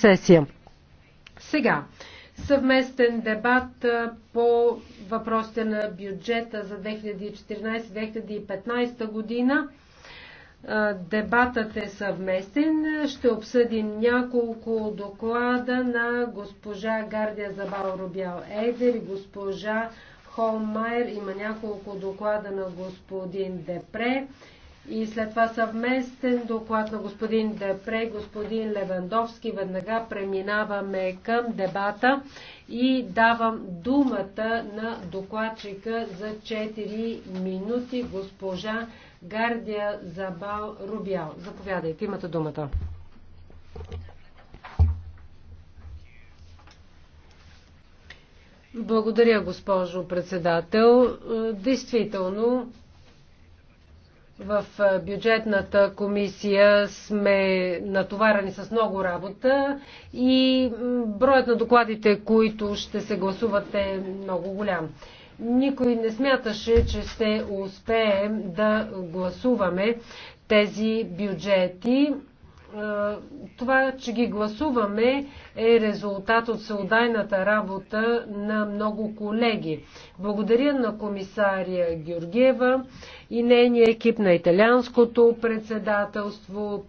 сесия. Сега, съвместен дебат по въпросите на бюджета за 2014-2015 година. Дебатът е съвместен. Ще обсъдим няколко доклада на госпожа Гардия Забал Рубял Ейдер и госпожа Холмайер. Има няколко доклада на господин Депре и след това съвместен доклад на господин Депре, господин Левандовски. Веднага преминаваме към дебата и давам думата на докладчика за 4 минути, госпожа Гардия Забал Рубял. Заповядайте, имате думата. Благодаря, госпожо председател. Действително, в бюджетната комисия сме натоварени с много работа и броят на докладите, които ще се гласуват е много голям. Никой не смяташе, че ще успеем да гласуваме тези бюджети. Това, че ги гласуваме, е резултат от всеодайната работа на много колеги. Благодаря на комисария Георгиева и нейния екип на италианското председателство,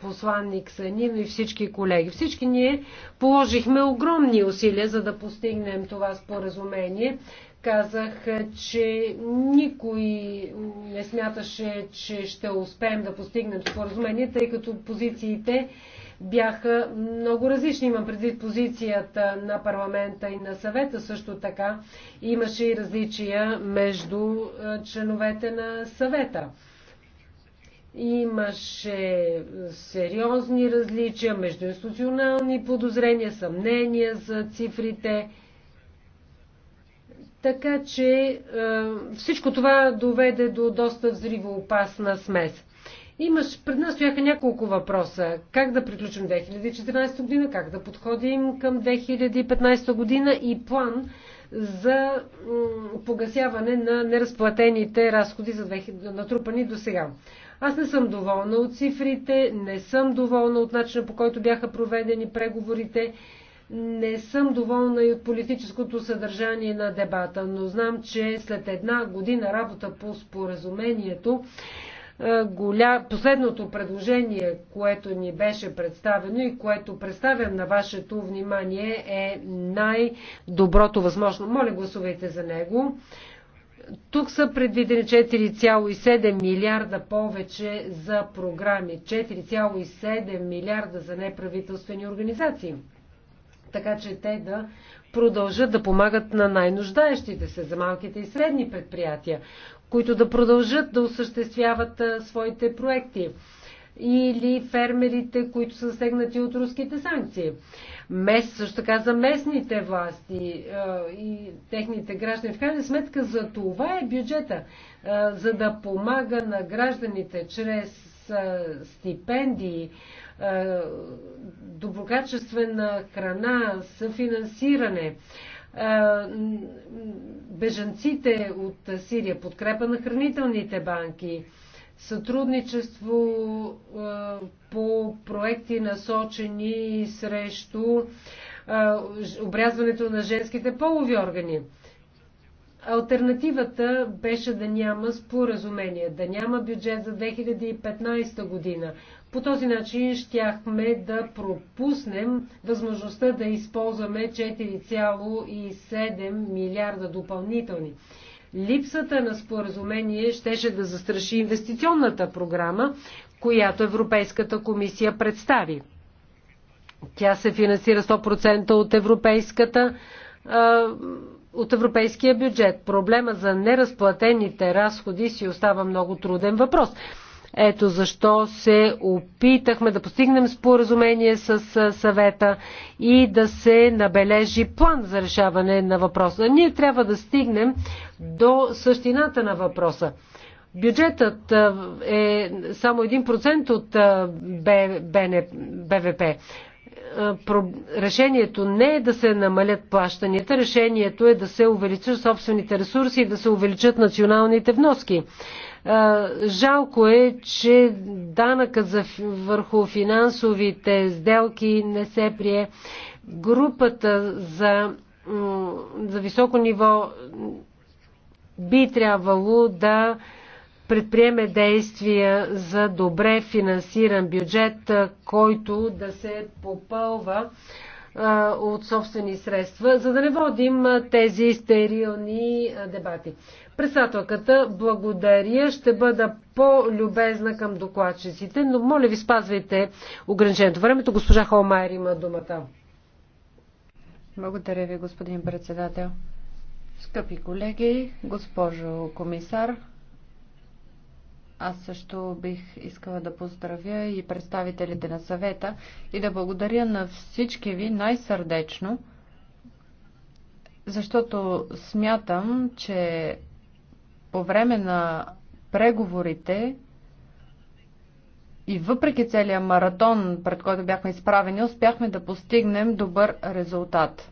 посланник Санин и всички колеги. Всички ние положихме огромни усилия, за да постигнем това споразумение. Казах, че никой не смяташе, че ще успеем да постигнем споразумение, тъй като позициите бяха много различни. Имам предвид позицията на парламента и на съвета също така. Имаше и различия между е, членовете на съвета. Имаше сериозни различия между институционални подозрения, съмнения за цифрите. Така че е, всичко това доведе до доста взривоопасна смес. Имаш, пред нас стояха няколко въпроса. Как да приключим 2014 година, как да подходим към 2015 година и план за погасяване на неразплатените разходи за 2000, натрупани до сега. Аз не съм доволна от цифрите, не съм доволна от начина по който бяха проведени преговорите, не съм доволна и от политическото съдържание на дебата, но знам, че след една година работа по споразумението е, последното предложение, което ни беше представено и което представям на вашето внимание е най-доброто възможно. Моля, гласувайте за него. Тук са предвидени 4,7 милиарда повече за програми, 4,7 милиарда за неправителствени организации, така че те да продължат да помагат на най-нуждаещите се, за малките и средни предприятия които да продължат да осъществяват своите проекти или фермерите, които са сегнати от руските санкции. Мес, също така за местните власти а, и техните граждани. В крайна сметка за това е бюджета, а, за да помага на гражданите чрез а, стипендии, доброкачествена храна, съфинансиране, бежанците от Сирия, подкрепа на хранителните банки, сътрудничество по проекти насочени срещу обрязването на женските полови органи. Альтернативата беше да няма споразумение, да няма бюджет за 2015 година. По този начин щяхме да пропуснем възможността да използваме 4,7 милиарда допълнителни. Липсата на споразумение щеше да застраши инвестиционната програма, която Европейската комисия представи. Тя се финансира 100% от европейската от европейския бюджет. Проблема за неразплатените разходи си остава много труден въпрос. Ето защо се опитахме да постигнем споразумение с съвета и да се набележи план за решаване на въпроса. Ние трябва да стигнем до същината на въпроса. Бюджетът е само 1% от БВП. Решението не е да се намалят плащанията, решението е да се увеличат собствените ресурси и да се увеличат националните вноски. Жалко е, че данъкът за, върху финансовите сделки не се прие. Групата за, за високо ниво би трябвало да предприеме действия за добре финансиран бюджет, който да се попълва от собствени средства, за да не водим тези стерилни дебати. Председателката, благодаря. Ще бъда по-любезна към докладчиците, но моля ви спазвайте ограниченото Времето госпожа Холмайер има думата. Благодаря ви, господин председател. Скъпи колеги, госпожо комисар, аз също бих искала да поздравя и представителите на съвета и да благодаря на всички ви най-сърдечно, защото смятам, че по време на преговорите и въпреки целия маратон, пред който бяхме изправени, успяхме да постигнем добър резултат.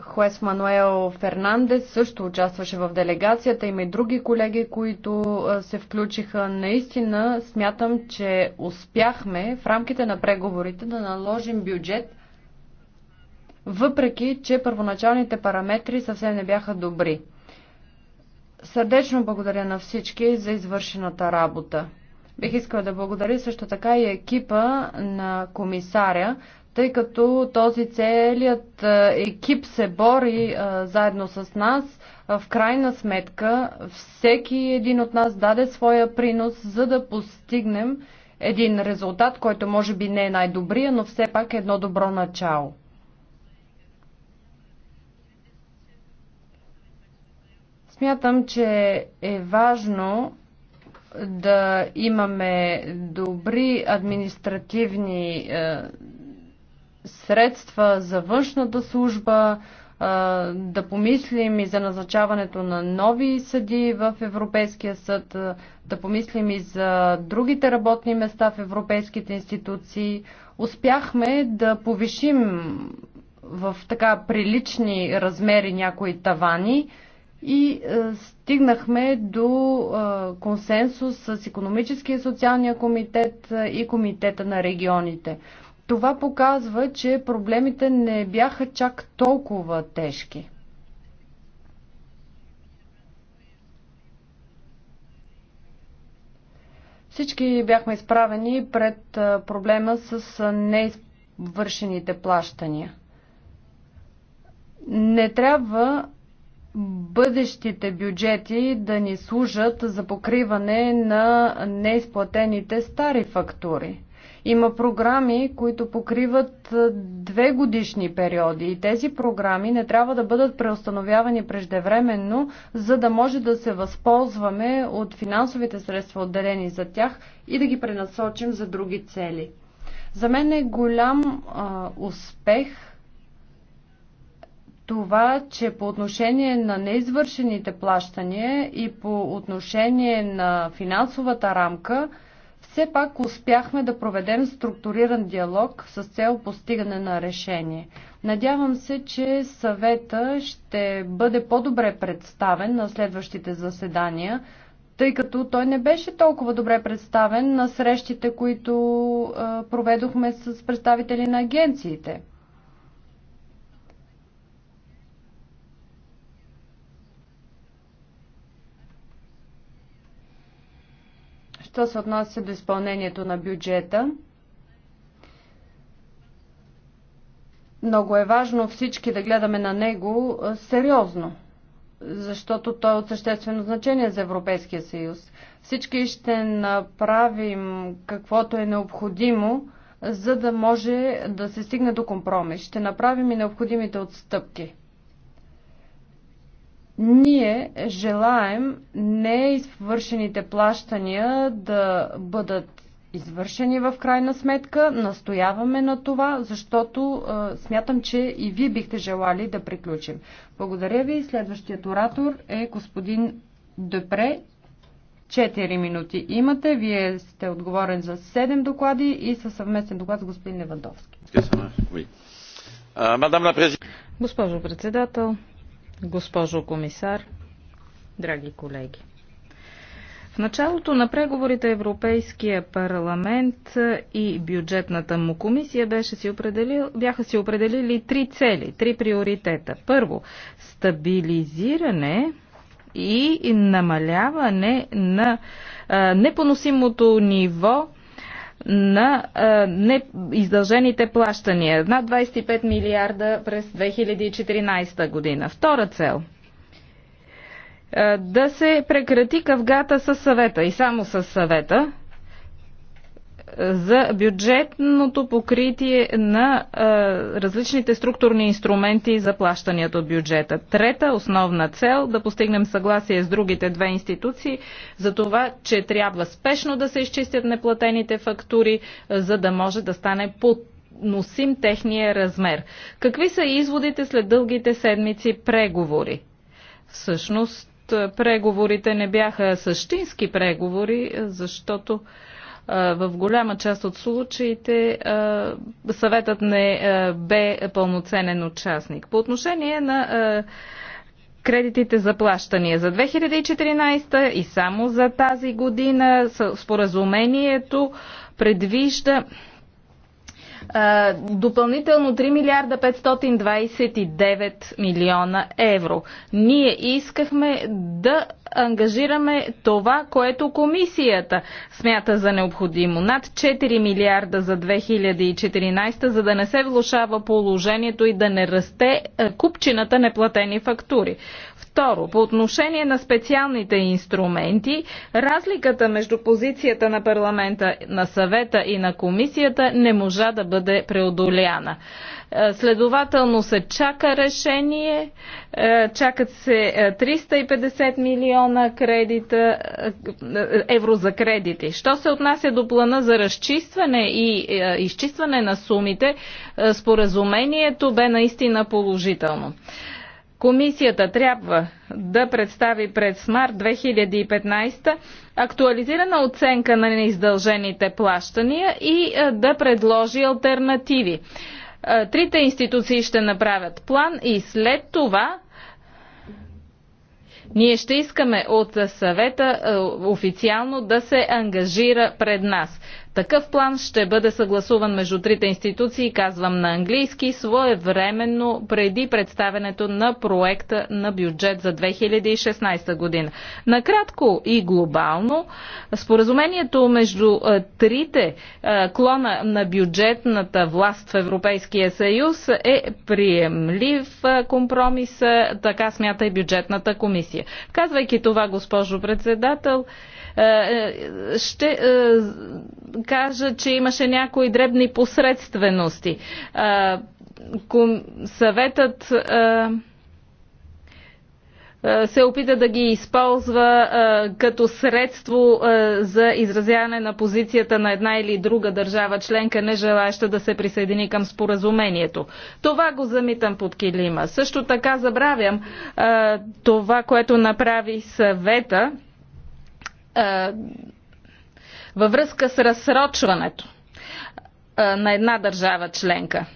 Хуес Мануел Фернандес също участваше в делегацията. Има и други колеги, които се включиха. Наистина смятам, че успяхме в рамките на преговорите да наложим бюджет – въпреки че първоначалните параметри съвсем не бяха добри. Сърдечно благодаря на всички за извършената работа. Бих искала да благодаря също така и екипа на комисаря, тъй като този целият е, екип се бори а, е, заедно с нас. Е, в крайна сметка всеки един от нас даде своя принос, за да постигнем един резултат, който може би не е най-добрия, но все пак е едно добро начало. Смятам, че е важно да имаме добри административни е, средства за външната служба, е, да помислим и за назначаването на нови съди в Европейския съд, е, да помислим и за другите работни места в европейските институции. Успяхме да повишим в така прилични размери някои тавани, и е, стигнахме до е, консенсус с економическия и социалния комитет е, и комитета на регионите. Това показва, че проблемите не бяха чак толкова тежки. Всички бяхме изправени пред е, проблема с е, неизвършените плащания. Не трябва бъдещите бюджети да ни служат за покриване на неизплатените стари фактури. Има програми, които покриват две годишни периоди и тези програми не трябва да бъдат преустановявани преждевременно, за да може да се възползваме от финансовите средства отделени за тях и да ги пренасочим за други цели. За мен е голям а, успех това, че по отношение на неизвършените плащания и по отношение на финансовата рамка, все пак успяхме да проведем структуриран диалог с цел постигане на решение. Надявам се, че съвета ще бъде по-добре представен на следващите заседания, тъй като той не беше толкова добре представен на срещите, които проведохме с представители на агенциите. Що се отнася до изпълнението на бюджета, много е важно всички да гледаме на него сериозно, защото той е от съществено значение за Европейския съюз. Всички ще направим каквото е необходимо, за да може да се стигне до компромис. Ще направим и необходимите отстъпки. Ние желаем неизвършените плащания да бъдат извършени в крайна сметка. Настояваме на това, защото а, смятам, че и вие бихте желали да приключим. Благодаря ви. Следващият оратор е господин Депре. Четири минути имате. Вие сте отговорен за седем доклади и със съвместен доклад с господин Левандовски. Госпожо председател, Госпожо комисар, драги колеги. В началото на преговорите Европейския парламент и бюджетната му комисия беше си определил, бяха си определили три цели, три приоритета. Първо, стабилизиране и намаляване на а, непоносимото ниво на а, неиздължените плащания. Над 25 милиарда през 2014 година. Втора цел да се прекрати къвгата с съвета и само с съвета, за бюджетното покритие на а, различните структурни инструменти за плащанията от бюджета. Трета основна цел да постигнем съгласие с другите две институции за това, че трябва спешно да се изчистят неплатените фактури, а, за да може да стане под носим техния размер. Какви са изводите след дългите седмици преговори? Всъщност, преговорите не бяха същински преговори, защото в голяма част от случаите съветът не бе пълноценен участник. По отношение на кредитите за плащания за 2014 и само за тази година споразумението предвижда допълнително 3 милиарда 529 милиона евро. Ние искахме да ангажираме това, което комисията смята за необходимо. Над 4 милиарда за 2014, за да не се влушава положението и да не расте купчината неплатени фактури. Второ, по отношение на специалните инструменти, разликата между позицията на парламента, на съвета и на комисията не можа да бъде преодоляна. Е, следователно се чака решение, е, чакат се 350 е, милиона кредита, евро за кредити. Що се отнася до плана за разчистване и изчистване на сумите, споразумението бе наистина положително. Комисията трябва да представи пред СМАРТ 2015 актуализирана оценка на неиздължените плащания и е, да предложи альтернативи. Е, трите институции ще направят план и след това ние ще искаме от съвета е, официално да се ангажира пред нас. Такъв план ще бъде съгласуван между трите институции, казвам на английски, своевременно преди представенето на проекта на бюджет за 2016 година. Накратко и глобално, споразумението между трите клона на бюджетната власт в Европейския съюз е приемлив компромис, така смята и бюджетната комисия. Казвайки това, госпожо председател, е, е, ще е, кажа, че имаше някои дребни посредствености. Съветът се опита да ги използва като средство за изразяване на позицията на една или друга държава членка, не желаяща да се присъедини към споразумението. Това го замитам под килима. Също така забравям това, което направи съвета е, във връзка с разсрочването е, на една държава членка.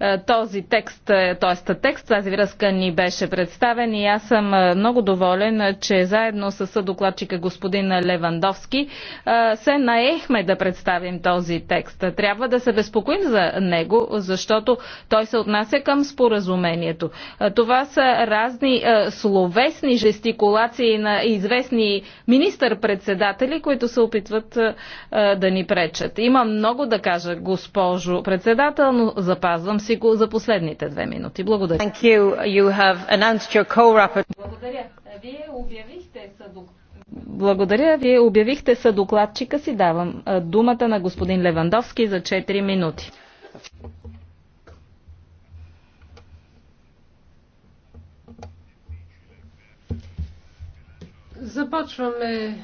Е, този текст, т.е. текст, тази връзка ни беше представен и аз съм е, много доволен, че заедно с докладчика господин Левандовски е, се наехме да представим този текст. Трябва да се безпокоим за него, защото той се отнася към споразумението. Това са разни словесни жестикулации на известни министър-председатели, които се опитват да ни пречат. Има много да кажа, госпожо председател, но запазвам си го за последните две минути. Благодаря. Thank you. You have announced your co Благодаря. Вие обявихте съдок. Благодаря. Вие обявихте съдокладчика си. Давам думата на господин Левандовски за 4 минути. Започваме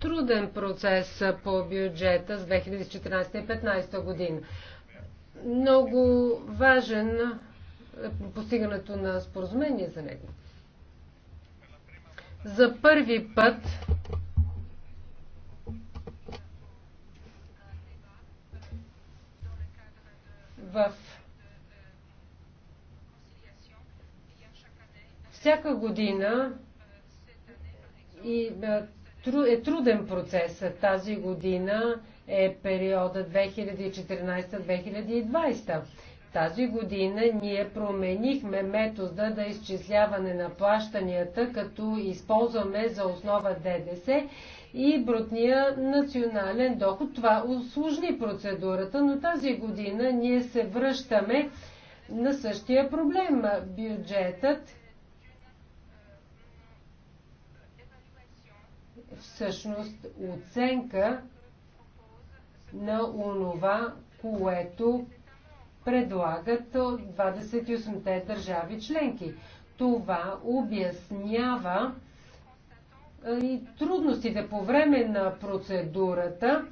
труден процес по бюджета с 2014-2015 година много важен е, постигането на споразумение за него. За първи път в всяка година и е, е труден процес. Тази година е периода 2014-2020. Тази година ние променихме метода да изчисляване на плащанията, като използваме за основа ДДС и брутния национален доход. Това усложни процедурата, но тази година ние се връщаме на същия проблем. Бюджетът всъщност оценка на онова, което предлагат 28-те държави членки. Това обяснява и трудностите по време на процедурата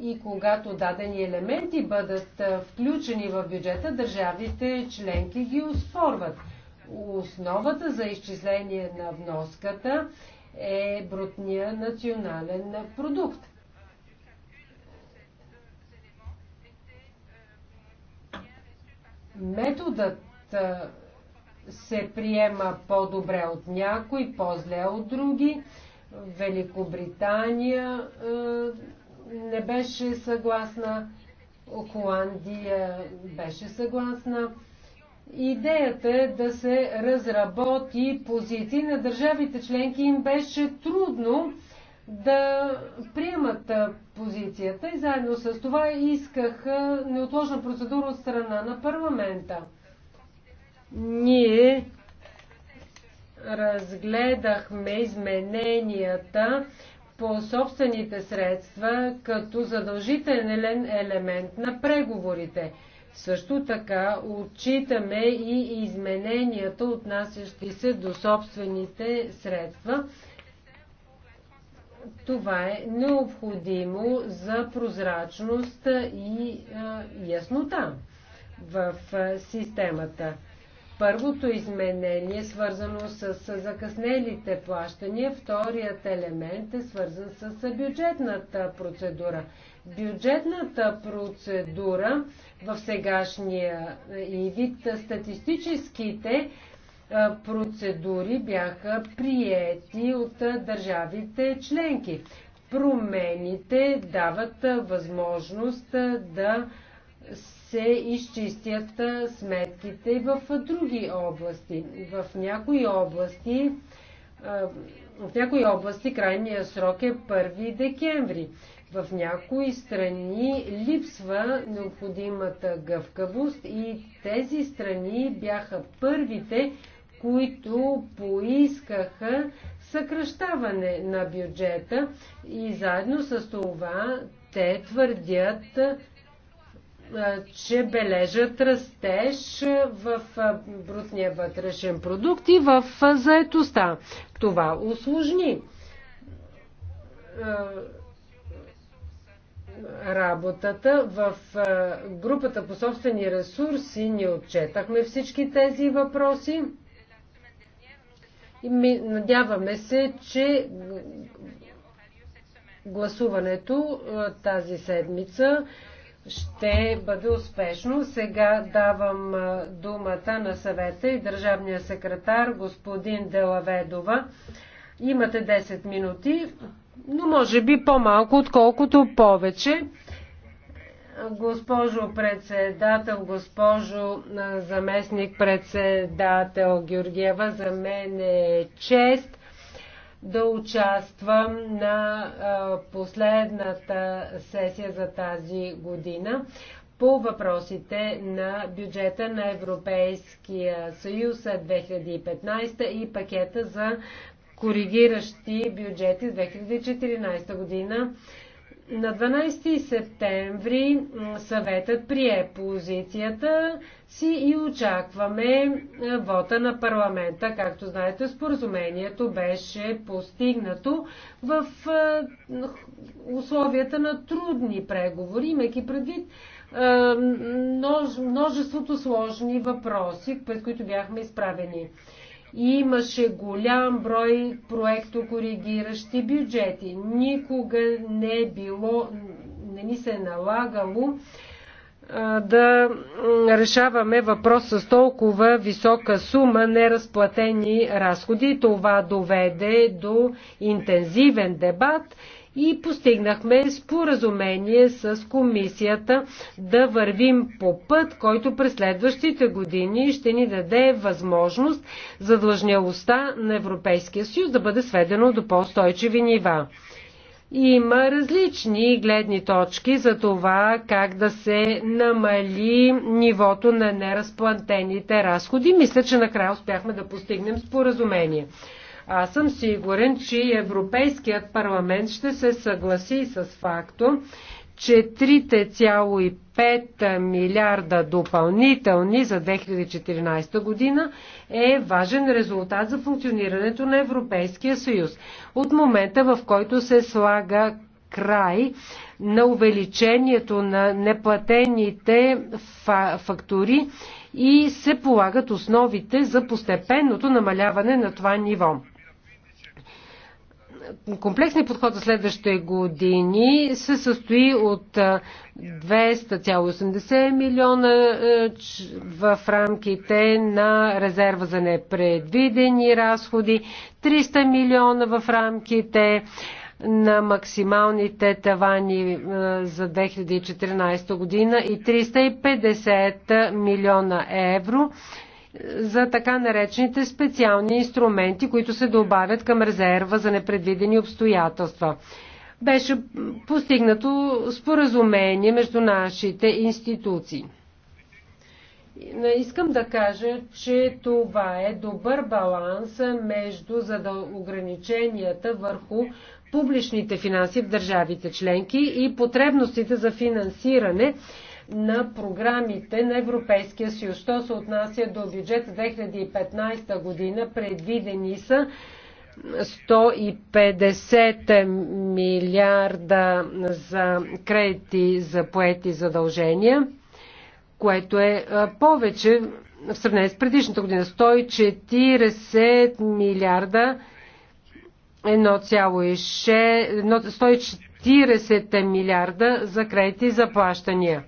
и когато дадени елементи бъдат включени в бюджета, държавите членки ги оспорват. Основата за изчисление на вноската е брутния национален продукт. методът се приема по-добре от някои, по-зле от други. Великобритания не беше съгласна, Холандия беше съгласна. Идеята е да се разработи позиции на държавите членки. Им беше трудно да приемат позицията и заедно с това исках неотложна процедура от страна на парламента. Ние разгледахме измененията по собствените средства като задължителен елемент на преговорите. Също така отчитаме и измененията, отнасящи се до собствените средства това е необходимо за прозрачност и яснота в системата. Първото изменение е свързано с закъснелите плащания, вторият елемент е свързан с бюджетната процедура. Бюджетната процедура в сегашния и вид статистическите процедури бяха приети от държавите членки. Промените дават възможност да се изчистят сметките в други области. В някои области в някои области крайния срок е 1 декември. В някои страни липсва необходимата гъвкавост и тези страни бяха първите, които поискаха съкръщаване на бюджета и заедно с това те твърдят, че бележат растеж в брутния вътрешен продукт и в заетостта. Това усложни работата в групата по собствени ресурси. Ние отчетахме всички тези въпроси. Надяваме се, че гласуването тази седмица ще бъде успешно. Сега давам думата на съвета и държавния секретар господин Делаведова. Имате 10 минути, но може би по-малко, отколкото повече. Госпожо председател, госпожо заместник председател Георгиева, за мен е чест да участвам на последната сесия за тази година по въпросите на бюджета на Европейския съюз 2015 и пакета за коригиращи бюджети 2014 година. На 12 септември съветът прие позицията си и очакваме е, вота на парламента. Както знаете, споразумението беше постигнато в е, условията на трудни преговори, имайки предвид е, множеството сложни въпроси, пред които бяхме изправени. Имаше голям брой проекто коригиращи бюджети. Никога не е било, не ни се е налагало да решаваме въпрос с толкова висока сума неразплатени разходи. Това доведе до интензивен дебат и постигнахме споразумение с комисията да вървим по път, който през следващите години ще ни даде възможност задлъжнялостта на Европейския съюз да бъде сведено до по-стойчиви нива. Има различни гледни точки за това как да се намали нивото на неразплантените разходи. Мисля, че накрая успяхме да постигнем споразумение. Аз съм сигурен, че Европейският парламент ще се съгласи с факто, че 3,5 милиарда допълнителни за 2014 година е важен резултат за функционирането на Европейския съюз. От момента, в който се слага край на увеличението на неплатените фактури и се полагат основите за постепенното намаляване на това ниво комплексния подход за следващите години се състои от 200,80 милиона в рамките на резерва за непредвидени разходи, 300 милиона в рамките на максималните тавани за 2014 година и 350 милиона евро за така наречените специални инструменти, които се добавят към резерва за непредвидени обстоятелства. Беше постигнато споразумение между нашите институции. Искам да кажа, че това е добър баланс между ограниченията върху публичните финанси в държавите членки и потребностите за финансиране на програмите на Европейския съюз. Що се отнася до бюджет 2015 година, предвидени са 150 милиарда за кредити за поети задължения, което е повече в сравнение с предишната година. 140 милиарда 1,6 140 милиарда за кредити за плащания.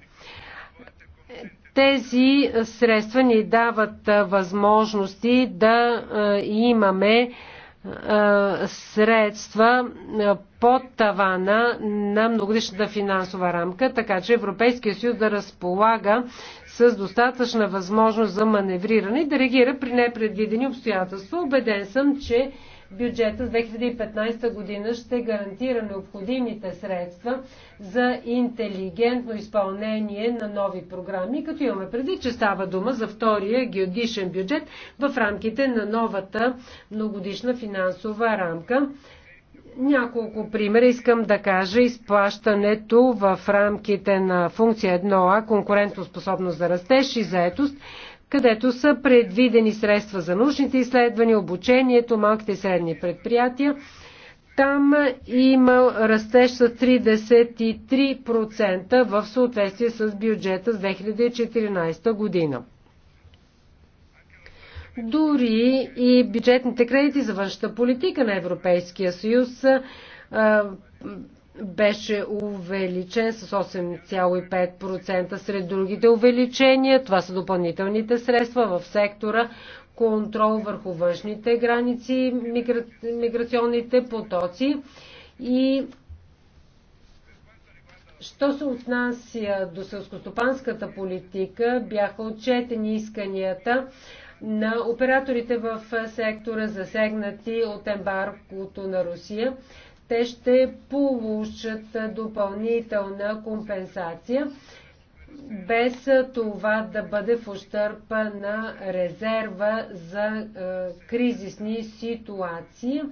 Тези средства ни дават възможности да имаме средства под тавана на многодишната финансова рамка, така че Европейския съюз да разполага с достатъчна възможност за маневриране и да реагира при непредвидени обстоятелства. Обеден съм, че бюджета за 2015 година ще гарантира необходимите средства за интелигентно изпълнение на нови програми, като имаме преди, че става дума за втория геодишен бюджет в рамките на новата многодишна финансова рамка. Няколко примера искам да кажа. Изплащането в рамките на функция 1А, конкурентоспособност за растеж и заетост, където са предвидени средства за научните изследвания, обучението, малките и средни предприятия. Там има растеж с 33% в съответствие с бюджета с 2014 година. Дори и бюджетните кредити за външната политика на Европейския съюз беше увеличен с 8,5% сред другите увеличения. Това са допълнителните средства в сектора контрол върху външните граници, мигра... миграционните потоци и Що се отнася до селскостопанската политика, бяха отчетени исканията на операторите в сектора, засегнати от ембаркото на Русия те ще получат допълнителна компенсация, без това да бъде в ущърпа на резерва за е, кризисни ситуации.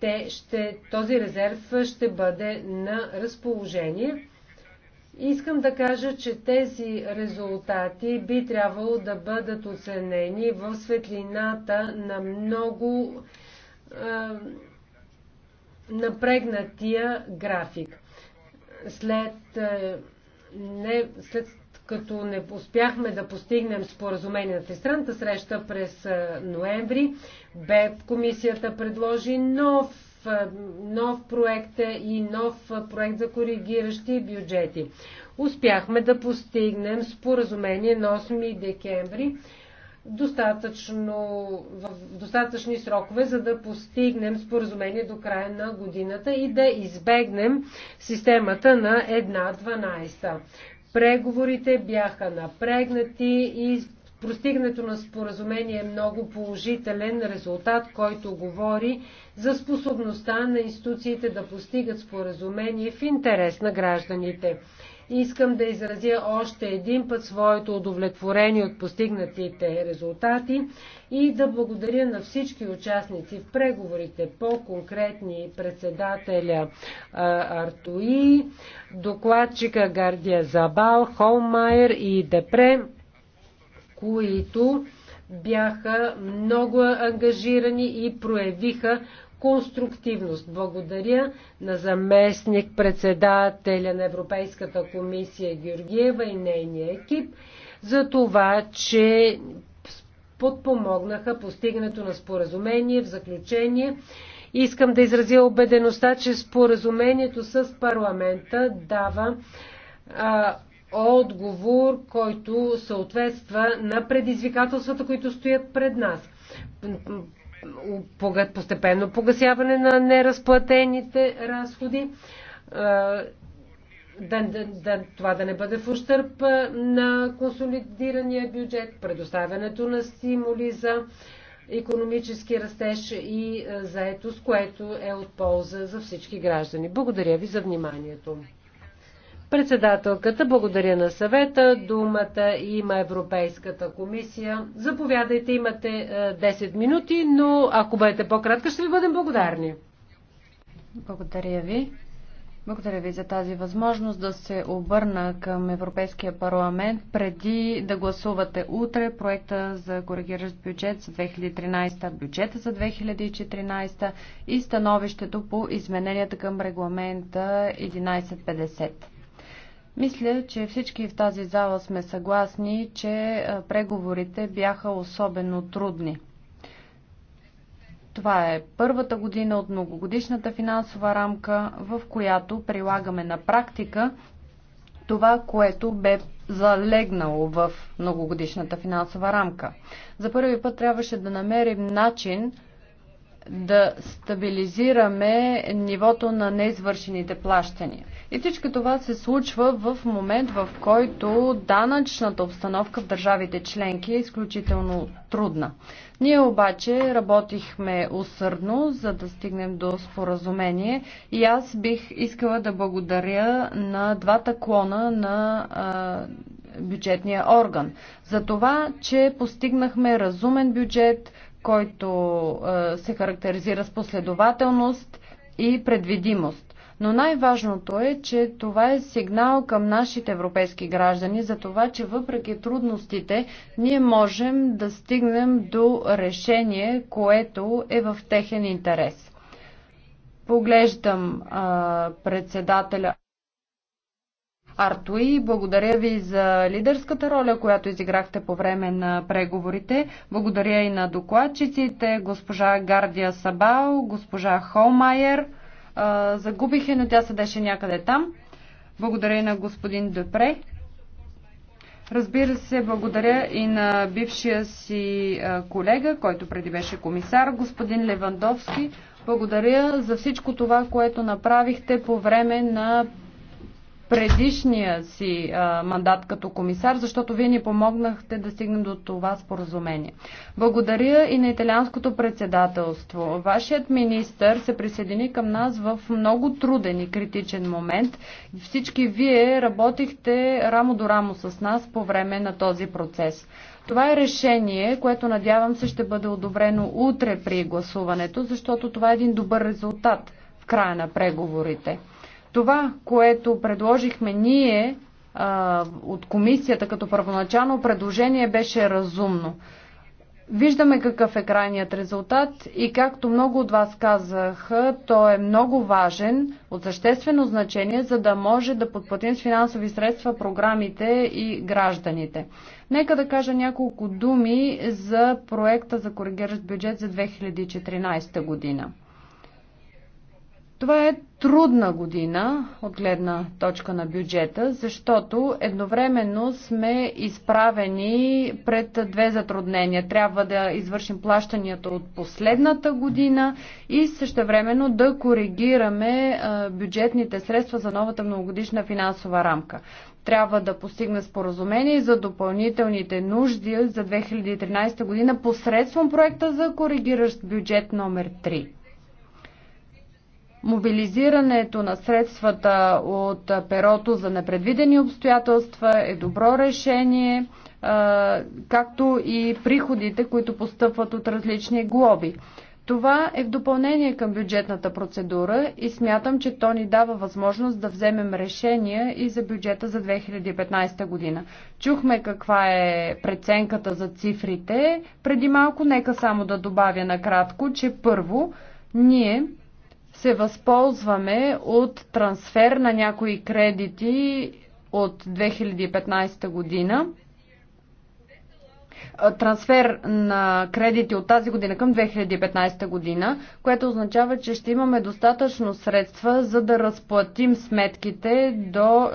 Те ще, този резерв ще бъде на разположение. Искам да кажа, че тези резултати би трябвало да бъдат оценени в светлината на много е, напрегнатия график. След, е, не, след като не успяхме да постигнем споразумение на тристранната среща през е, ноември, бе комисията предложи нов е, нов проект и нов проект за коригиращи бюджети. Успяхме да постигнем споразумение на 8 декември достатъчно, в достатъчни срокове, за да постигнем споразумение до края на годината и да избегнем системата на една 12 Преговорите бяха напрегнати и Простигането на споразумение е много положителен резултат, който говори за способността на институциите да постигат споразумение в интерес на гражданите. Искам да изразя още един път своето удовлетворение от постигнатите резултати и да благодаря на всички участници в преговорите по-конкретни председателя Артуи, докладчика Гардия Забал, Холмайер и Депре, които бяха много ангажирани и проявиха конструктивност. Благодаря на заместник председателя на Европейската комисия Георгиева и нейния екип за това, че подпомогнаха постигането на споразумение в заключение. Искам да изразя убедеността, че споразумението с парламента дава а, отговор, който съответства на предизвикателствата, които стоят пред нас постепенно погасяване на неразплатените разходи, да, да, да, това да не бъде в ущърп на консолидирания бюджет, предоставянето на стимули за економически растеж и заетост, което е от полза за всички граждани. Благодаря ви за вниманието. Председателката благодаря на съвета. Думата има Европейската комисия. Заповядайте, имате 10 е, минути, но ако бъдете по-кратка, ще ви бъдем благодарни. Благодаря ви. Благодаря ви за тази възможност да се обърна към Европейския парламент преди да гласувате утре проекта за коригиращ бюджет за 2013, бюджета за 2014 и становището по измененията към регламента 1150. Мисля, че всички в тази зала сме съгласни, че преговорите бяха особено трудни. Това е първата година от многогодишната финансова рамка, в която прилагаме на практика това, което бе залегнало в многогодишната финансова рамка. За първи път трябваше да намерим начин да стабилизираме нивото на неизвършените плащания. И всичко това се случва в момент, в който данъчната обстановка в държавите членки е изключително трудна. Ние обаче работихме усърдно, за да стигнем до споразумение и аз бих искала да благодаря на двата клона на а, бюджетния орган. За това, че постигнахме разумен бюджет, който а, се характеризира с последователност и предвидимост. Но най-важното е, че това е сигнал към нашите европейски граждани за това, че въпреки трудностите ние можем да стигнем до решение, което е в техен интерес. Поглеждам а, председателя. Артуи, благодаря ви за лидерската роля, която изиграхте по време на преговорите. Благодаря и на докладчиците, госпожа Гардия Сабао, госпожа Холмайер а, загубих я, но тя седеше някъде там. Благодаря и на господин Депре. Разбира се, благодаря и на бившия си колега, който преди беше комисар, господин Левандовски. Благодаря за всичко това, което направихте по време на предишния си а, мандат като комисар, защото вие ни помогнахте да стигнем до това споразумение. Благодаря и на италианското председателство. Вашият министр се присъедини към нас в много труден и критичен момент. Всички вие работихте рамо до рамо с нас по време на този процес. Това е решение, което надявам се ще бъде одобрено утре при гласуването, защото това е един добър резултат в края на преговорите. Това, което предложихме ние а, от комисията като първоначално предложение, беше разумно. Виждаме какъв е крайният резултат и както много от вас казаха, той е много важен, от съществено значение, за да може да подплатим с финансови средства програмите и гражданите. Нека да кажа няколко думи за проекта за коригиращ бюджет за 2014 година. Това е трудна година от гледна точка на бюджета, защото едновременно сме изправени пред две затруднения. Трябва да извършим плащанията от последната година и същевременно да коригираме бюджетните средства за новата многогодишна финансова рамка. Трябва да постигне споразумение за допълнителните нужди за 2013 година посредством проекта за коригиращ бюджет номер 3. Мобилизирането на средствата от перото за непредвидени обстоятелства е добро решение, както и приходите, които постъпват от различни глоби. Това е в допълнение към бюджетната процедура и смятам, че то ни дава възможност да вземем решения и за бюджета за 2015 година. Чухме каква е преценката за цифрите. Преди малко нека само да добавя накратко, че първо ние се възползваме от трансфер на някои кредити от 2015 година. Трансфер на кредити от тази година към 2015 година, което означава, че ще имаме достатъчно средства, за да разплатим сметките до е,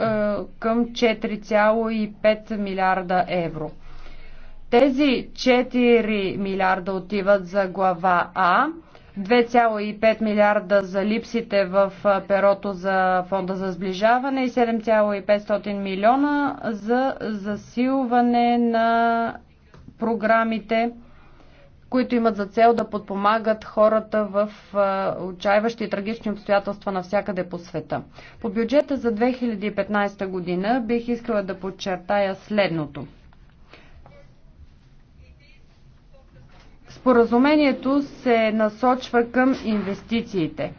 към 4,5 милиарда евро. Тези 4 милиарда отиват за глава А 2,5 милиарда за липсите в перото за фонда за сближаване и 7,500 милиона за засилване на програмите, които имат за цел да подпомагат хората в отчаиващи и трагични обстоятелства навсякъде по света. По бюджета за 2015 година бих искала да подчертая следното – Споразумението се насочва към инвестициите.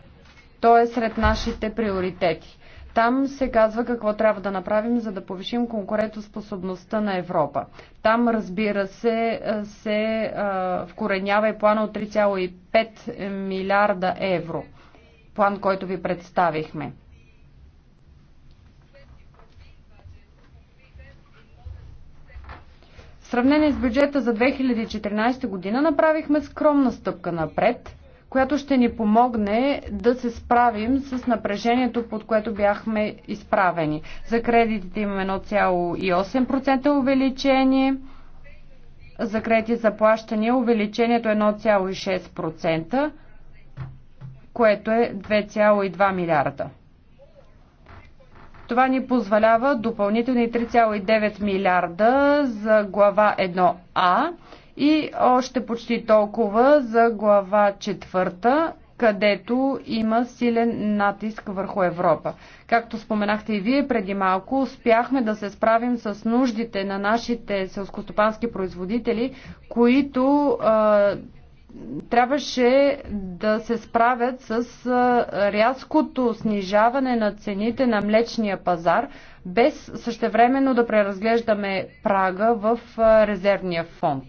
То е сред нашите приоритети. Там се казва какво трябва да направим, за да повишим конкурентоспособността на Европа. Там, разбира се, се вкоренява и плана от 3,5 милиарда евро. План, който ви представихме. В сравнение с бюджета за 2014 година направихме скромна стъпка напред, която ще ни помогне да се справим с напрежението, под което бяхме изправени. За кредитите имаме 1,8% увеличение, за кредити за плащане увеличението е 1,6%, което е 2,2 милиарда. Това ни позволява допълнителни 3,9 милиарда за глава 1А и още почти толкова за глава 4 където има силен натиск върху Европа. Както споменахте и вие преди малко, успяхме да се справим с нуждите на нашите селскостопански производители, които трябваше да се справят с рязкото снижаване на цените на млечния пазар, без същевременно да преразглеждаме прага в резервния фонд.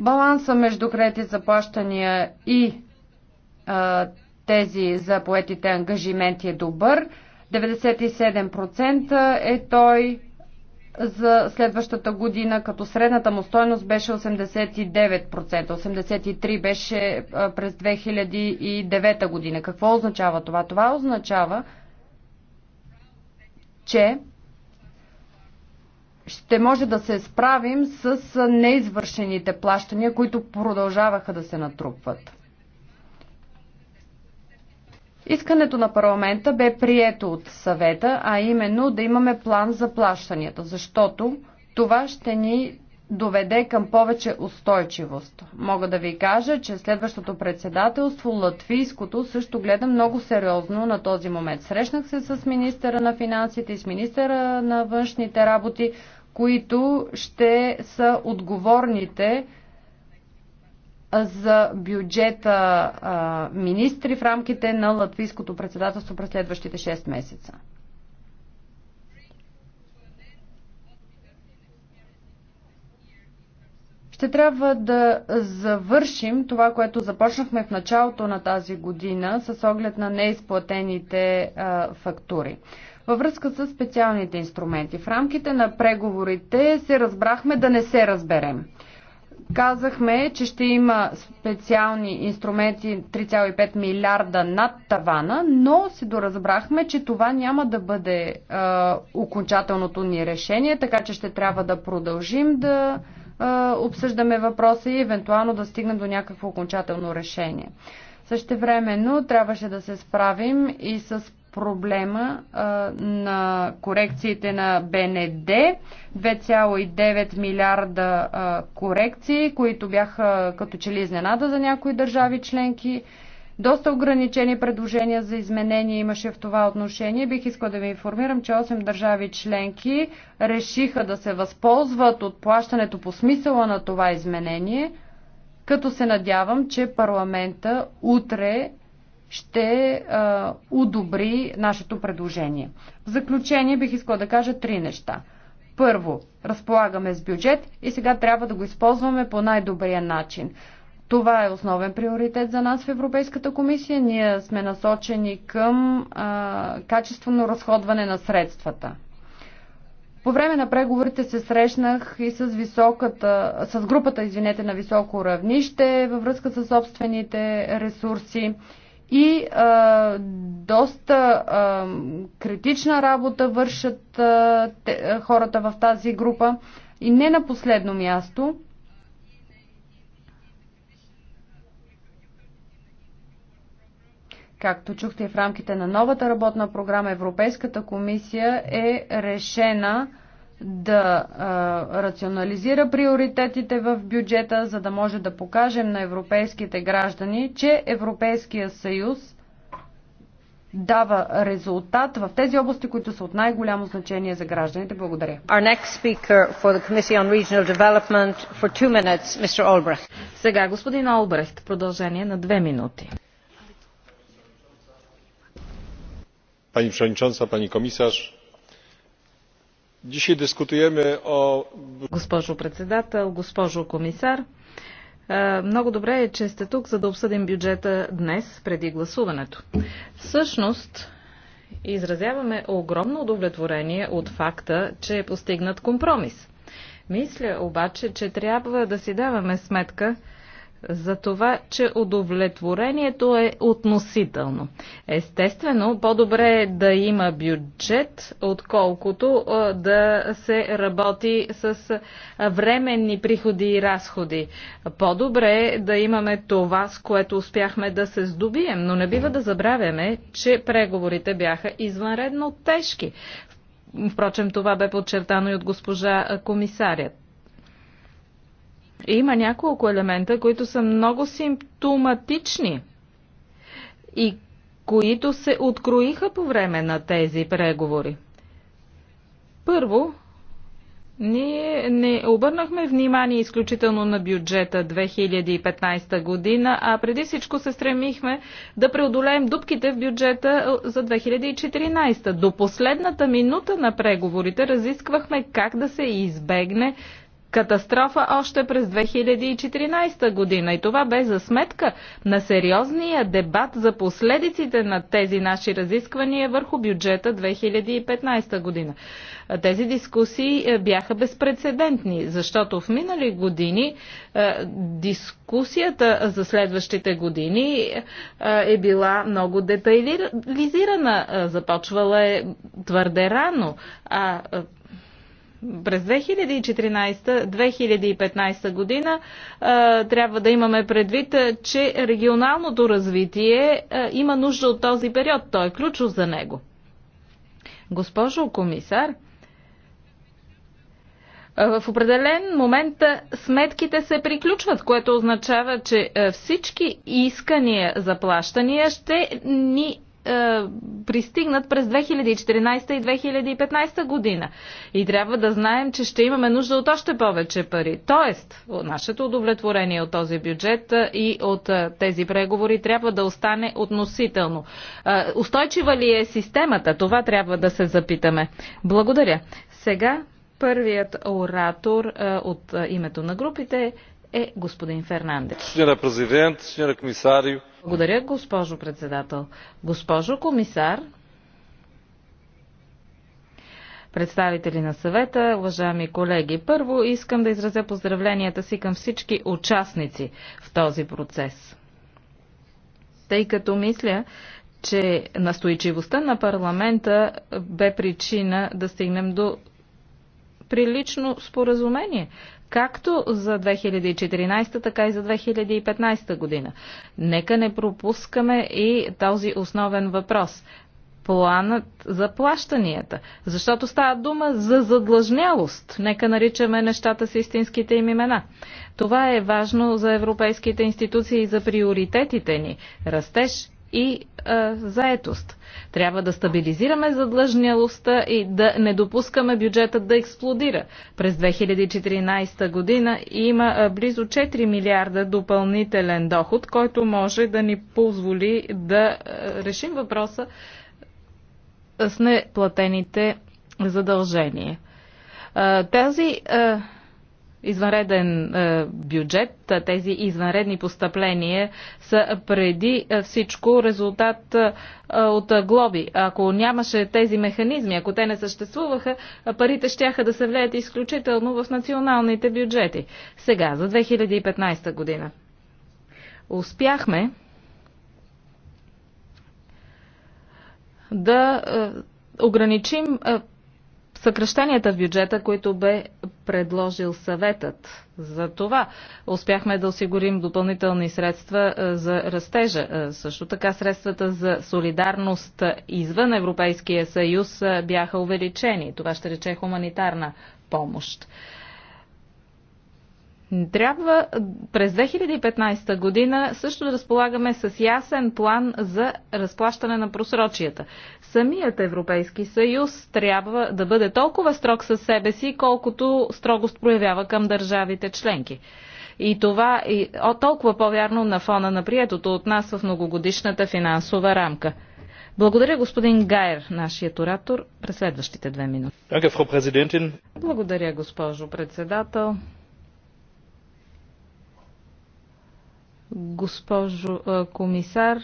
Баланса между кредити за плащания и а, тези за поетите ангажименти е добър. 97% е той за следващата година, като средната му стойност беше 89%. 83% беше през 2009 година. Какво означава това? Това означава, че ще може да се справим с неизвършените плащания, които продължаваха да се натрупват. Искането на парламента бе прието от съвета, а именно да имаме план за плащанията, защото това ще ни доведе към повече устойчивост. Мога да ви кажа, че следващото председателство, латвийското, също гледа много сериозно на този момент. Срещнах се с министъра на финансите и с министъра на външните работи, които ще са отговорните за бюджета а, министри в рамките на латвийското председателство през следващите 6 месеца. Ще трябва да завършим това, което започнахме в началото на тази година с оглед на неизплатените а, фактури във връзка с специалните инструменти. В рамките на преговорите се разбрахме да не се разберем. Казахме, че ще има специални инструменти 3,5 милиарда над тавана, но се доразбрахме, че това няма да бъде а, окончателното ни решение, така че ще трябва да продължим да а, обсъждаме въпроса и евентуално да стигнем до някакво окончателно решение. Същевременно трябваше да се справим и с проблема а, на корекциите на БНД. 2,9 милиарда а, корекции, които бяха като че ли изненада за някои държави членки. Доста ограничени предложения за изменения имаше в това отношение. Бих искал да ви информирам, че 8 държави членки решиха да се възползват от плащането по смисъла на това изменение, като се надявам, че парламента утре ще а, удобри нашето предложение. В заключение бих искала да кажа три неща. Първо, разполагаме с бюджет и сега трябва да го използваме по най-добрия начин. Това е основен приоритет за нас в Европейската комисия. Ние сме насочени към а, качествено разходване на средствата. По време на преговорите се срещнах и с, високата, с групата извинете, на високо равнище във връзка с собствените ресурси и а, доста а, критична работа вършат а, те, а, хората в тази група. И не на последно място, Както чухте в рамките на новата работна програма, Европейската комисия е решена да а, рационализира приоритетите в бюджета, за да може да покажем на европейските граждани, че Европейския съюз дава резултат в тези области, които са от най-голямо значение за гражданите. Благодаря. Our next speaker for for the on Regional Development two Minutes, Mr. Сега господин Олбрехт, продължение на две минути. Пани Przewodnicząca, Пани комисар, Госпожо председател, госпожо комисар, е, много добре е, че сте тук, за да обсъдим бюджета днес, преди гласуването. Всъщност, изразяваме огромно удовлетворение от факта, че е постигнат компромис. Мисля обаче, че трябва да си даваме сметка, за това, че удовлетворението е относително. Естествено, по-добре е да има бюджет, отколкото да се работи с временни приходи и разходи. По-добре е да имаме това, с което успяхме да се здобием, но не бива да забравяме, че преговорите бяха извънредно тежки. Впрочем, това бе подчертано и от госпожа комисарят. Има няколко елемента, които са много симптоматични и които се откроиха по време на тези преговори. Първо, ние не обърнахме внимание изключително на бюджета 2015 година, а преди всичко се стремихме да преодолеем дупките в бюджета за 2014. До последната минута на преговорите разисквахме как да се избегне катастрофа още през 2014 година. И това бе за сметка на сериозния дебат за последиците на тези наши разисквания върху бюджета 2015 година. Тези дискусии е, бяха безпредседентни, защото в минали години е, дискусията за следващите години е, е била много детайлизирана. Започвала е твърде рано. А през 2014-2015 година трябва да имаме предвид, че регионалното развитие има нужда от този период. Той е ключов за него. Госпожо комисар, в определен момент сметките се приключват, което означава, че всички искания за плащания ще ни е, пристигнат през 2014 и 2015 година. И трябва да знаем, че ще имаме нужда от още повече пари. Тоест, нашето удовлетворение от този бюджет е, и от е, тези преговори трябва да остане относително. Устойчива ли е системата? Това трябва да се запитаме. Благодаря. Сега първият оратор от името на групите е господин Фернандес. Господин президент, господин комисарио, благодаря, госпожо председател. Госпожо комисар, представители на съвета, уважаеми колеги. Първо искам да изразя поздравленията си към всички участници в този процес. Тъй като мисля, че настойчивостта на парламента бе причина да стигнем до прилично споразумение както за 2014, така и за 2015 година. Нека не пропускаме и този основен въпрос планът за плащанията, защото става дума за задлъжнялост. Нека наричаме нещата с истинските им имена. Това е важно за европейските институции и за приоритетите ни – растеж и е, заетост. Трябва да стабилизираме задлъжнялостта и да не допускаме бюджетът да експлодира. През 2014 година има близо 4 милиарда допълнителен доход, който може да ни позволи да решим въпроса с неплатените задължения. Тази извънреден е, бюджет, тези извънредни постъпления са преди е, всичко резултат е, от глоби. Ако нямаше тези механизми, ако те не съществуваха, парите щяха да се влеят изключително в националните бюджети. Сега, за 2015 година. Успяхме да ограничим съкръщенията в бюджета, които бе предложил съветът. За това успяхме да осигурим допълнителни средства е, за растежа. Е, също така средствата за солидарност извън Европейския съюз е, бяха увеличени. Това ще рече хуманитарна помощ. Трябва през 2015 година също да разполагаме с ясен план за разплащане на просрочията. Самият Европейски съюз трябва да бъде толкова строг със себе си, колкото строгост проявява към държавите членки. И това е толкова по-вярно на фона на приетото от нас в многогодишната финансова рамка. Благодаря господин Гайер, нашият оратор, през следващите две минути. Благодаря, госпожо председател. госпожо комисар,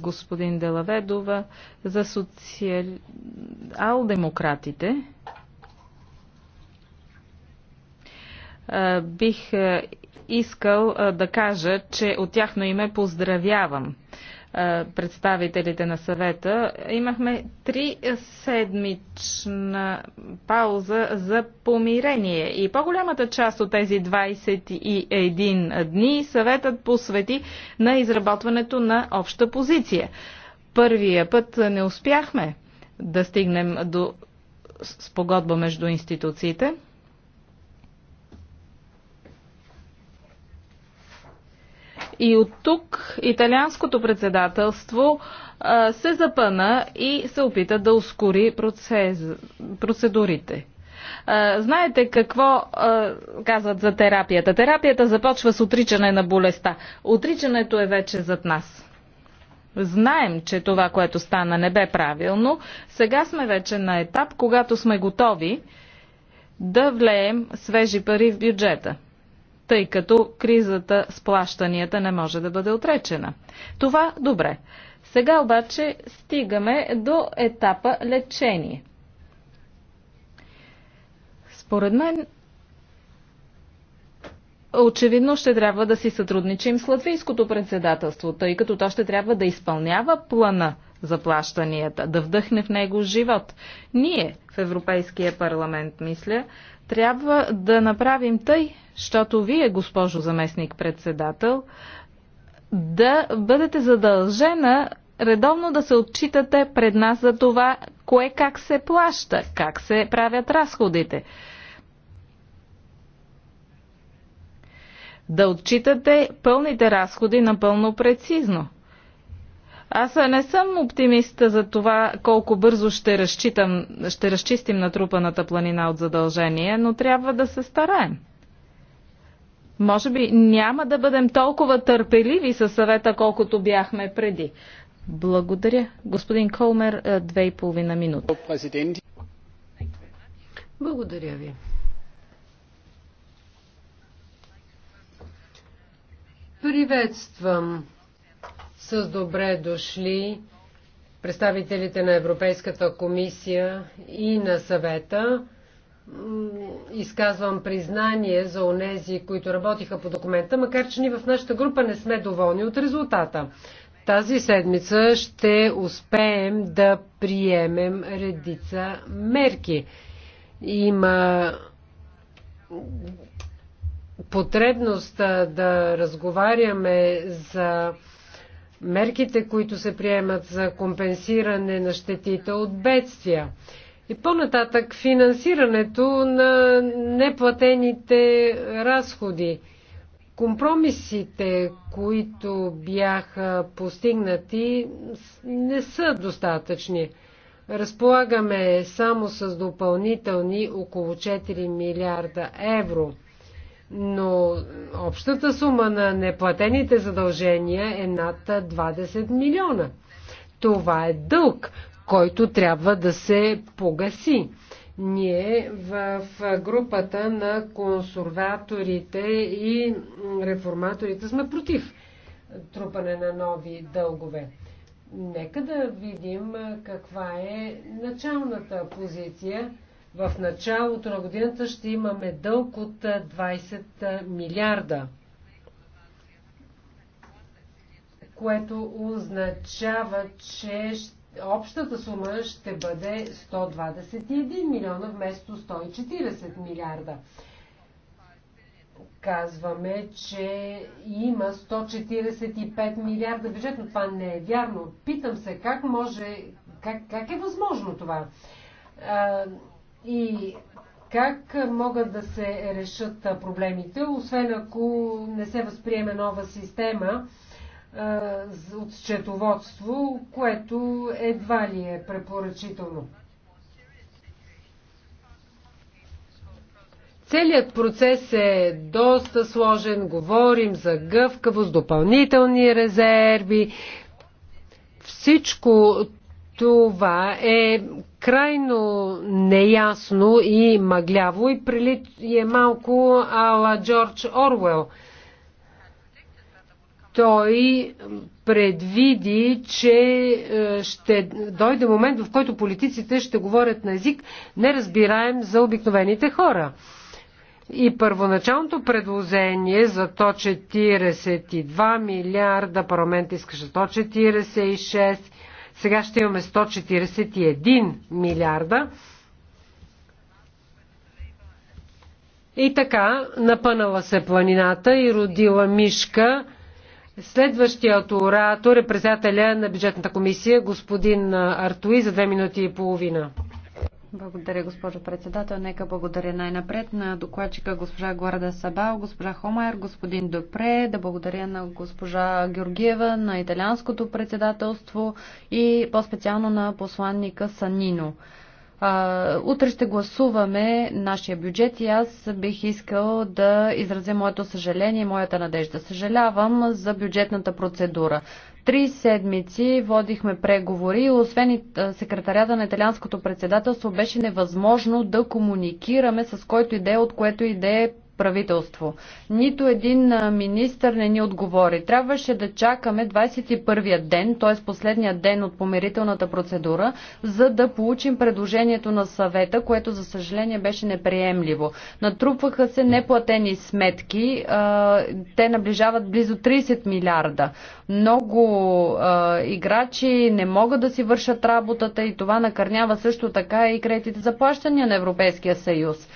господин Делаведова, за социал-демократите бих искал да кажа, че от тяхно име поздравявам е, представителите на съвета, имахме три седмична пауза за помирение. И по-голямата част от тези 21 дни съветът посвети на изработването на обща позиция. Първия път не успяхме да стигнем до спогодба между институциите – И от тук италианското председателство а, се запъна и се опита да ускори процес, процедурите. А, знаете какво а, казват за терапията? Терапията започва с отричане на болестта. Отричането е вече зад нас. Знаем, че това, което стана, не бе правилно. Сега сме вече на етап, когато сме готови да влеем свежи пари в бюджета тъй като кризата с плащанията не може да бъде отречена. Това добре. Сега обаче стигаме до етапа лечение. Според мен Очевидно ще трябва да си сътрудничим с латвийското председателство, тъй като то ще трябва да изпълнява плана за плащанията, да вдъхне в него живот. Ние в Европейския парламент, мисля, трябва да направим тъй, защото вие, госпожо заместник-председател, да бъдете задължена редовно да се отчитате пред нас за това, кое как се плаща, как се правят разходите. Да отчитате пълните разходи напълно прецизно. Аз не съм оптимист за това колко бързо ще, разчитам, ще разчистим натрупаната планина от задължение, но трябва да се стараем. Може би няма да бъдем толкова търпеливи със съвета, колкото бяхме преди. Благодаря. Господин Колмер, е, две и половина минута. Благодаря ви. Приветствам с добре дошли представителите на Европейската комисия и на съвета. Изказвам признание за онези, които работиха по документа, макар че ни в нашата група не сме доволни от резултата. Тази седмица ще успеем да приемем редица мерки. Има потребност да разговаряме за мерките, които се приемат за компенсиране на щетите от бедствия. И по-нататък финансирането на неплатените разходи. Компромисите, които бяха постигнати, не са достатъчни. Разполагаме само с допълнителни около 4 милиарда евро – но общата сума на неплатените задължения е над 20 милиона. Това е дълг, който трябва да се погаси. Ние в групата на консерваторите и реформаторите сме против трупане на нови дългове. Нека да видим каква е началната позиция в началото на годината ще имаме дълг от 20 милиарда, което означава, че общата сума ще бъде 121 милиона вместо 140 милиарда. Казваме, че има 145 милиарда бюджет, но това не е вярно. Питам се, как може, как, как е възможно това? и как могат да се решат проблемите, освен ако не се възприеме нова система от счетоводство, което едва ли е препоръчително. Целият процес е доста сложен. Говорим за гъвкавост, допълнителни резерви. Всичко това е крайно неясно и мъгляво и, прилит, и е малко ала Джордж Орвел. Той предвиди, че е, ще дойде момент, в който политиците ще говорят на език неразбираем за обикновените хора. И първоначалното предложение за 142 милиарда, парламент искаше 146 сега ще имаме 141 милиарда. И така, напънала се планината и родила мишка. Следващият оратор е председателя на бюджетната комисия, господин Артуи, за две минути и половина. Благодаря, госпожо председател. Нека благодаря най-напред на докладчика госпожа Гварда Сабал, госпожа Хомайер, господин Допре, да благодаря на госпожа Георгиева, на италианското председателство и по-специално на посланника Санино. А, утре ще гласуваме нашия бюджет и аз бих искал да изразя моето съжаление и моята надежда. Съжалявам за бюджетната процедура. Три седмици водихме преговори и освен секретарята на италианското председателство беше невъзможно да комуникираме с който идея, от което идея правителство. Нито един министр не ни отговори. Трябваше да чакаме 21-я ден, т.е. последния ден от помирителната процедура, за да получим предложението на съвета, което за съжаление беше неприемливо. Натрупваха се неплатени сметки. Те наближават близо 30 милиарда. Много играчи не могат да си вършат работата и това накърнява също така и кредитите за плащания на Европейския съюз.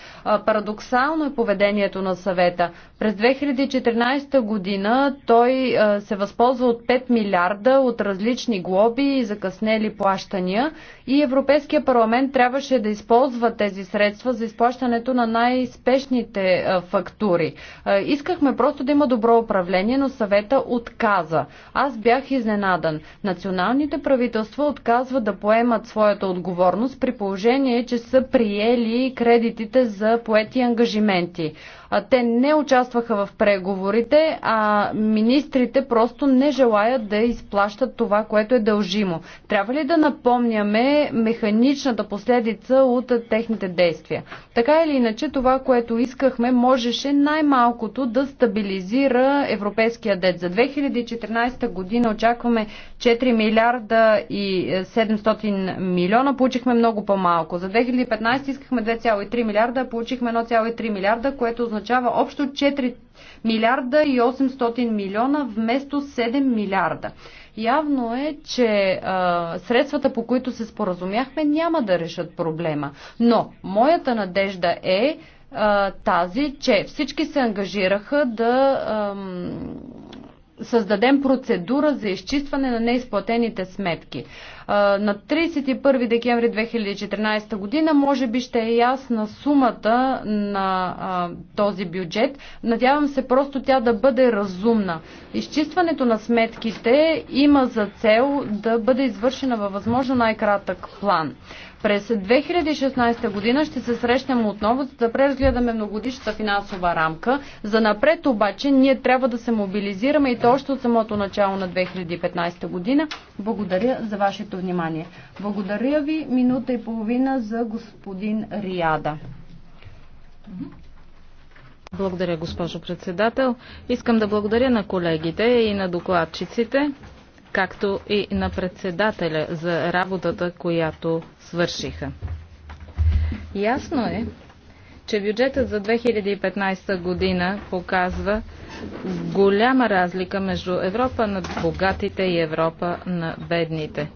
Парадоксално е поведението решението на съвета. През 2014 година той се възползва от 5 милиарда от различни глоби и закъснели плащания и Европейския парламент трябваше да използва тези средства за изплащането на най-спешните фактури. Искахме просто да има добро управление, но съвета отказа. Аз бях изненадан. Националните правителства отказват да поемат своята отговорност при положение, че са приели кредитите за поети ангажименти. Те не участваха в преговорите, а министрите просто не желаят да изплащат това, което е дължимо. Трябва ли да напомняме механичната последица от техните действия? Така или иначе, това, което искахме, можеше най-малкото да стабилизира европейския дет. За 2014 година очакваме 4 милиарда и 700 милиона, получихме много по-малко. За 2015 искахме 2,3 милиарда, получихме 1,3 милиарда, което означава означава общо 4 милиарда и 800 милиона вместо 7 милиарда. Явно е, че а, средствата, по които се споразумяхме, няма да решат проблема. Но моята надежда е а, тази, че всички се ангажираха да. А, създадем процедура за изчистване на неизплатените сметки. На 31 декември 2014 година може би ще е ясна сумата на този бюджет. Надявам се просто тя да бъде разумна. Изчистването на сметките има за цел да бъде извършена във възможно най-кратък план. През 2016 година ще се срещнем отново, за да преразгледаме многогодишната финансова рамка. За напред обаче ние трябва да се мобилизираме и то още от самото начало на 2015 година. Благодаря за вашето внимание. Благодаря ви. Минута и половина за господин Риада. Благодаря, госпожо председател. Искам да благодаря на колегите и на докладчиците както и на председателя за работата, която свършиха. Ясно е, че бюджетът за 2015 година показва голяма разлика между Европа на богатите и Европа на бедните.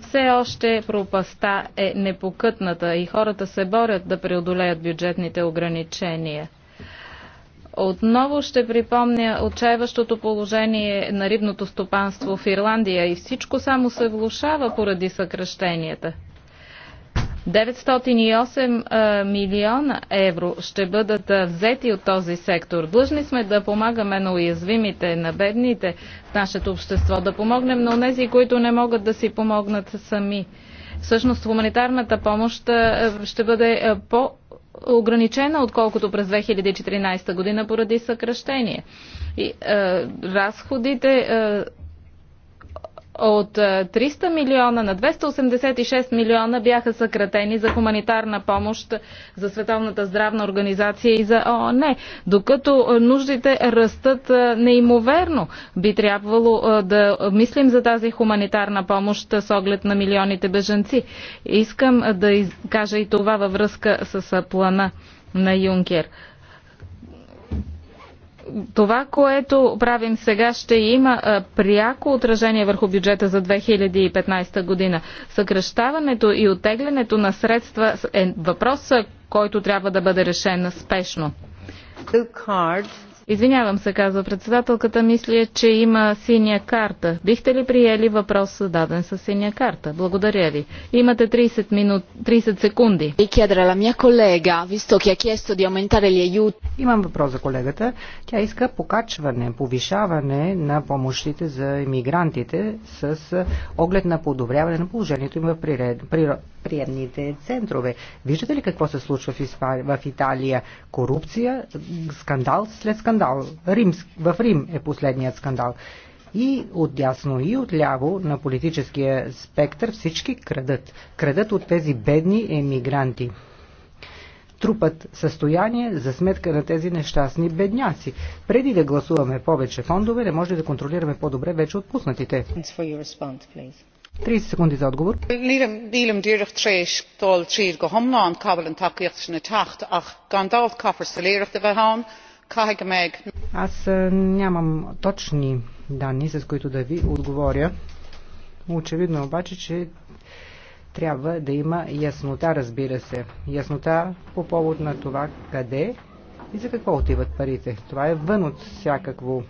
Все още пропаста е непокътната и хората се борят да преодолеят бюджетните ограничения – отново ще припомня отчаяващото положение на рибното стопанство в Ирландия и всичко само се влушава поради съкръщенията. 908 милиона евро ще бъдат взети от този сектор. Длъжни сме да помагаме на уязвимите, на бедните в нашето общество, да помогнем на тези, които не могат да си помогнат сами. Всъщност хуманитарната помощ ще бъде по ограничена, отколкото през 2014 година поради съкръщение. И, е, разходите е, от 300 е, милиона на 286 милиона бяха съкратени за хуманитарна помощ за Световната здравна организация и за ООН. Докато е, нуждите растат е, неимоверно, би трябвало да мислим за тази хуманитарна помощ с оглед на милионите беженци. Искам да кажа и това във връзка с плана на Юнкер това, което правим сега, ще има пряко отражение върху бюджета за 2015 година. Съкръщаването и отеглянето на средства е въпрос, който трябва да бъде решен спешно. Извинявам се, казва председателката. Мисля, че има синя карта. Бихте ли приели въпрос даден с синя карта? Благодаря ви. Имате 30, минут, 30 секунди. Имам въпрос за колегата. Тя иска покачване, повишаване на помощите за иммигрантите с оглед на подобряване на положението им в приемните центрове. Виждате ли какво се случва в, Испания, в Италия? Корупция, скандал след скандал. Рим, в Рим е последният скандал. И от дясно, и от ляво на политическия спектър всички крадат. Крадат от тези бедни емигранти. Трупат състояние за сметка на тези нещастни бедняци. Преди да гласуваме повече фондове, не може да контролираме по-добре вече отпуснатите. 30 секунди за отговор. Аз нямам точни данни, с които да ви отговоря. Очевидно е обаче, че трябва да има яснота, разбира се. Яснота по повод на това къде и за какво отиват парите. Това е вън от всякакво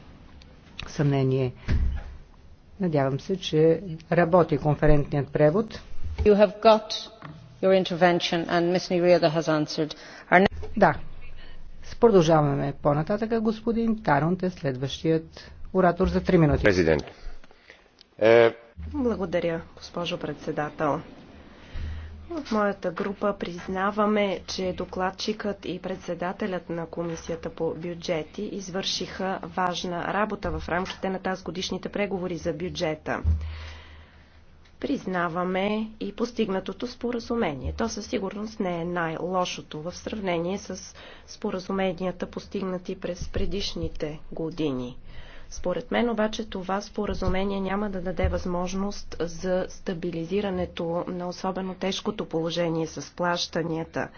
съмнение. Надявам се, че работи конферентният превод. You have got your intervention and Ms. Niriada has answered. Our... Да. Продължаваме по-нататък. Господин Тарунт е следващият оратор за 3 минути. Президент. Е... Благодаря, госпожо председател. От моята група признаваме, че докладчикът и председателят на Комисията по бюджети извършиха важна работа в рамките на тази годишните преговори за бюджета. Признаваме и постигнатото споразумение. То със сигурност не е най-лошото в сравнение с споразуменията, постигнати през предишните години. Според мен обаче това споразумение няма да даде възможност за стабилизирането на особено тежкото положение с плащанията.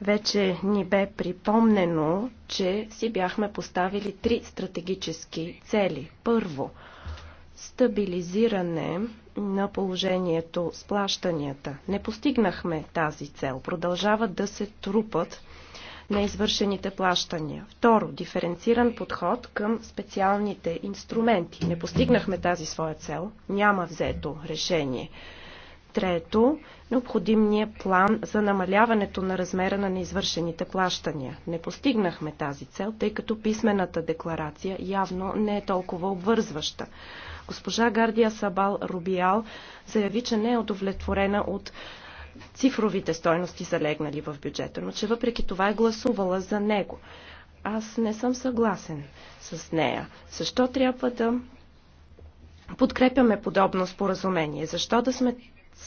Вече ни бе припомнено, че си бяхме поставили три стратегически цели. Първо, стабилизиране на положението с плащанията. Не постигнахме тази цел. Продължават да се трупат на извършените плащания. Второ, диференциран подход към специалните инструменти. Не постигнахме тази своя цел, няма взето решение. Трето, необходимният е план за намаляването на размера на неизвършените плащания. Не постигнахме тази цел, тъй като писмената декларация явно не е толкова обвързваща. Госпожа Гардия Сабал Рубиал заяви, че не е удовлетворена от цифровите стойности залегнали в бюджета, но че въпреки това е гласувала за него. Аз не съм съгласен с нея. Защо трябва да подкрепяме подобно споразумение? Защо да сме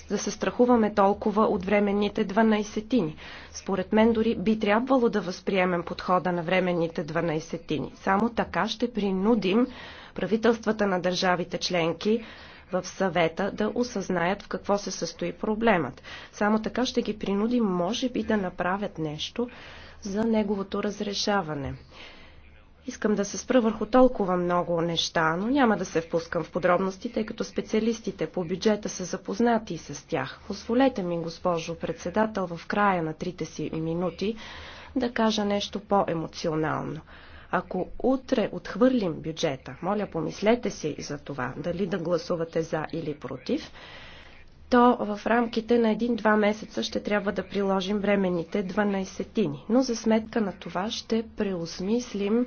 да се страхуваме толкова от временните 12-тини. Според мен дори би трябвало да възприемем подхода на временните дванайсетини. Само така ще принудим правителствата на държавите членки в съвета да осъзнаят в какво се състои проблемът. Само така ще ги принудим, може би, да направят нещо за неговото разрешаване. Искам да се спра върху толкова много неща, но няма да се впускам в подробности, тъй като специалистите по бюджета са запознати с тях. Позволете ми, госпожо председател, в края на трите си минути да кажа нещо по-емоционално. Ако утре отхвърлим бюджета, моля помислете си за това, дали да гласувате за или против, то в рамките на един-два месеца ще трябва да приложим временните 12-тини. Но за сметка на това ще преосмислим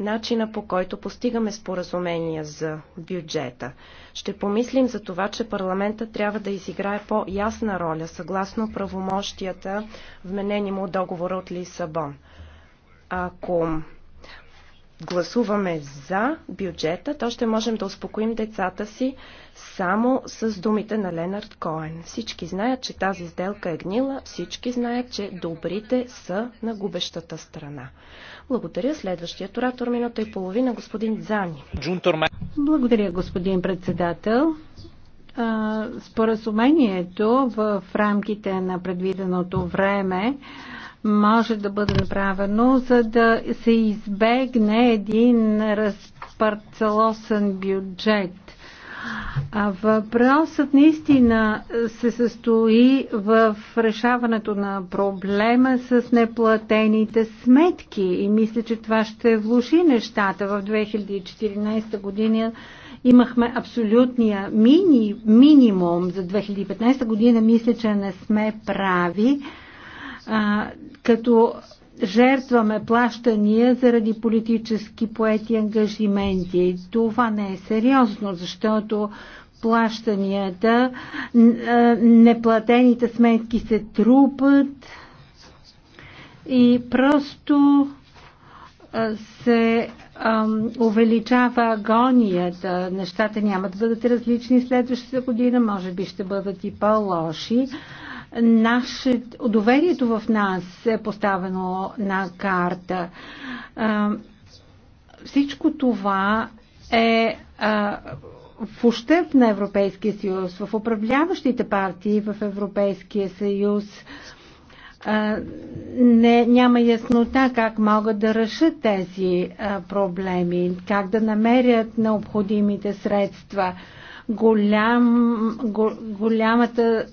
начина по който постигаме споразумения за бюджета. Ще помислим за това, че парламента трябва да изиграе по-ясна роля, съгласно правомощията, вменени му от договора от Лисабон. Ако гласуваме за бюджета, то ще можем да успокоим децата си само с думите на Ленард Коен. Всички знаят, че тази сделка е гнила, всички знаят, че добрите са на губещата страна. Благодаря. Следващият оратор минута и половина, господин Дзани. Благодаря, господин председател. Споразумението в рамките на предвиденото време може да бъде направено, за да се избегне един разпарцелосен бюджет. А въпросът наистина се състои в решаването на проблема с неплатените сметки и мисля, че това ще влуши нещата. В 2014 година имахме абсолютния мини, минимум за 2015 година. Мисля, че не сме прави а, като жертваме плащания заради политически поети ангажименти. Това не е сериозно, защото плащанията, неплатените сметки се трупат и просто се ам, увеличава агонията. Нещата няма да бъдат различни следващата година, може би ще бъдат и по-лоши, наше, доверието в нас е поставено на карта. Всичко това е в ущърп на Европейския съюз, в управляващите партии в Европейския съюз не, няма яснота как могат да решат тези а, проблеми, как да намерят необходимите средства. Голям, го, голямата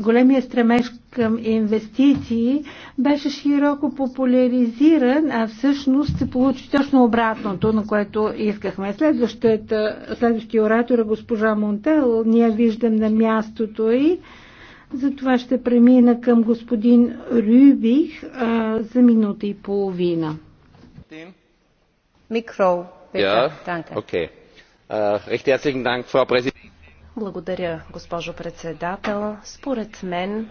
големия стремеж към инвестиции беше широко популяризиран, а всъщност се получи точно обратното, на което искахме. Следващия оратор е госпожа Монтел. Ние виждам на мястото и затова ще премина към господин Рюбих а, за минута и половина. Микро. Yeah. Okay. Uh, Frau благодаря, госпожо председател. Според мен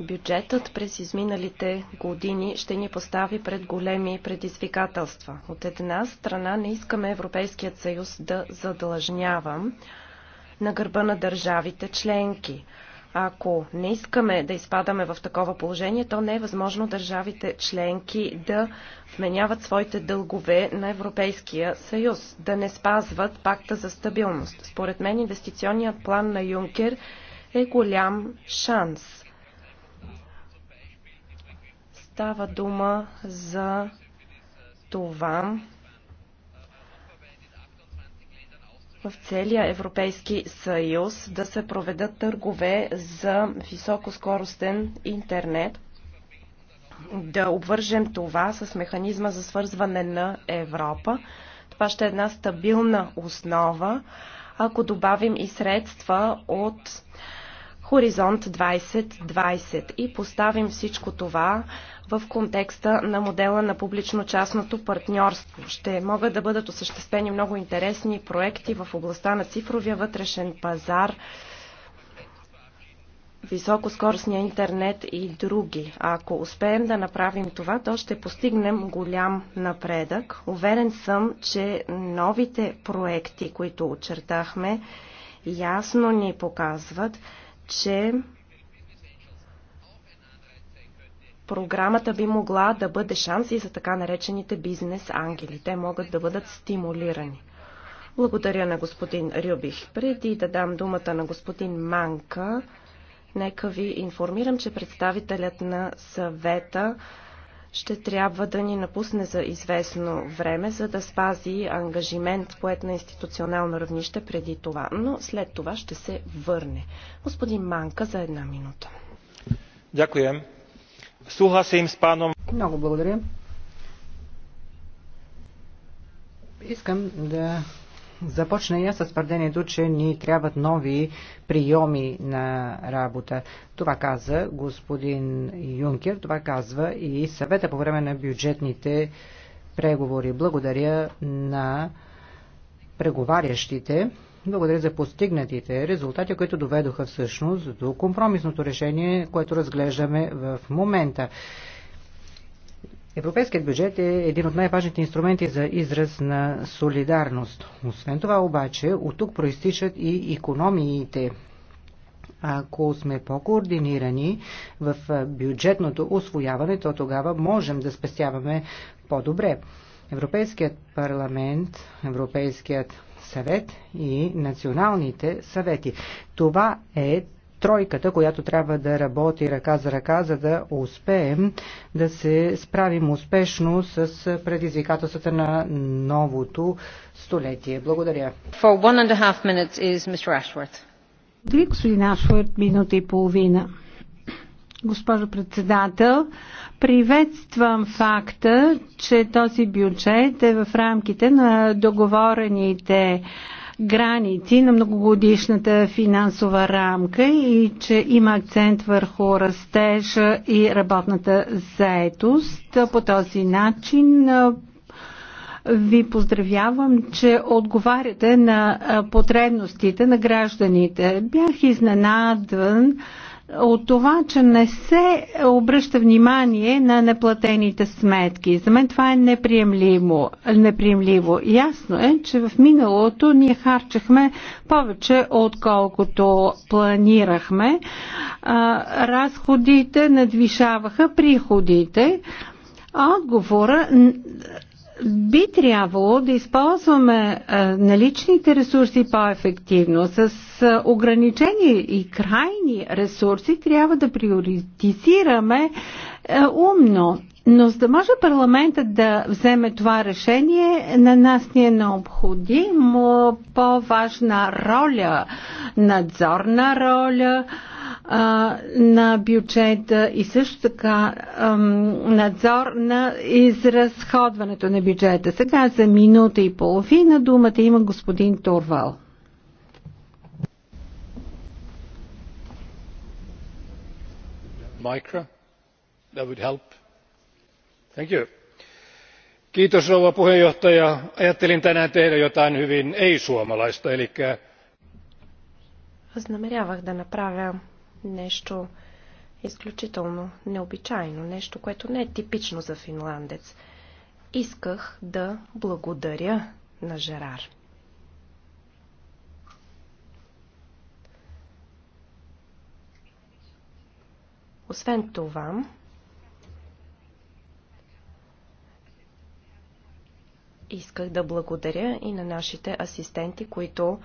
бюджетът през изминалите години ще ни постави пред големи предизвикателства. От една страна не искаме Европейският съюз да задлъжнявам на гърба на държавите членки. Ако не искаме да изпадаме в такова положение, то не е възможно държавите членки да вменяват своите дългове на Европейския съюз, да не спазват пакта за стабилност. Според мен инвестиционният план на Юнкер е голям шанс. Става дума за това в целия Европейски съюз да се проведат търгове за високоскоростен интернет, да обвържем това с механизма за свързване на Европа. Това ще е една стабилна основа, ако добавим и средства от Хоризонт 2020 и поставим всичко това в контекста на модела на публично-частното партньорство. Ще могат да бъдат осъществени много интересни проекти в областта на цифровия вътрешен пазар, високоскоростния интернет и други. А ако успеем да направим това, то ще постигнем голям напредък. Уверен съм, че новите проекти, които очертахме, ясно ни показват, че програмата би могла да бъде шанс и за така наречените бизнес ангели. Те могат да бъдат стимулирани. Благодаря на господин Рюбих. Преди да дам думата на господин Манка, нека ви информирам, че представителят на съвета ще трябва да ни напусне за известно време, за да спази ангажимент поет на институционално равнище преди това, но след това ще се върне. Господин Манка за една минута. Дякуем. Съгласим с паном. Много благодаря. Искам да Започна я с твърдението, че ни трябват нови приеми на работа. Това каза господин Юнкер, това казва и съвета по време на бюджетните преговори. Благодаря на преговарящите. Благодаря за постигнатите резултати, които доведоха всъщност до компромисното решение, което разглеждаме в момента. Европейският бюджет е един от най-важните инструменти за израз на солидарност. Освен това обаче, от тук проистичат и економиите. Ако сме по-координирани в бюджетното освояване, то тогава можем да спестяваме по-добре. Европейският парламент, Европейският съвет и националните съвети. Това е тройката, която трябва да работи ръка за ръка, за да успеем да се справим успешно с предизвикателствата на новото столетие. Благодаря. For one and a half minutes is Mr. Ashworth. Дали господин Ашвард, минута и половина. Госпожо председател, приветствам факта, че този бюджет е в рамките на договорените граници на многогодишната финансова рамка и че има акцент върху растежа и работната заетост. По този начин ви поздравявам, че отговаряте на потребностите на гражданите. Бях изненадан от това, че не се обръща внимание на неплатените сметки. За мен това е неприемливо. неприемливо. Ясно е, че в миналото ние харчахме повече, отколкото планирахме. Разходите надвишаваха приходите. Отговора би трябвало да използваме наличните ресурси по-ефективно. С ограничени и крайни ресурси трябва да приоритизираме умно. Но за да може парламентът да вземе това решение, на нас ни е необходимо по-важна роля, надзорна роля, на бюджета и също така надзор на изразходването на бюджета. Сега за минута и половина думата има господин Турвал. Micro? That would help. Thank you. Kiitos rouva puheenjohtaja. Ajattelin tänään tehdä jotain hyvin ei-suomalaista, eli... Възнамерявах да направя нещо изключително необичайно, нещо, което не е типично за финландец. Исках да благодаря на Жерар. Освен това, исках да благодаря и на нашите асистенти, които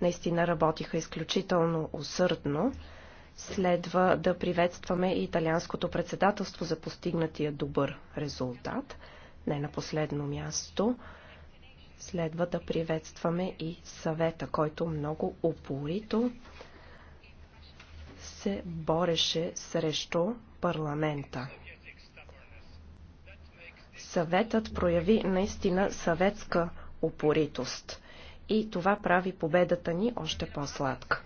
наистина работиха изключително усърдно. Следва да приветстваме и италианското председателство за постигнатия добър резултат. Не на последно място, следва да приветстваме и съвета, който много упорито се бореше срещу парламента. Съветът прояви наистина съветска упоритост и това прави победата ни още по-сладка.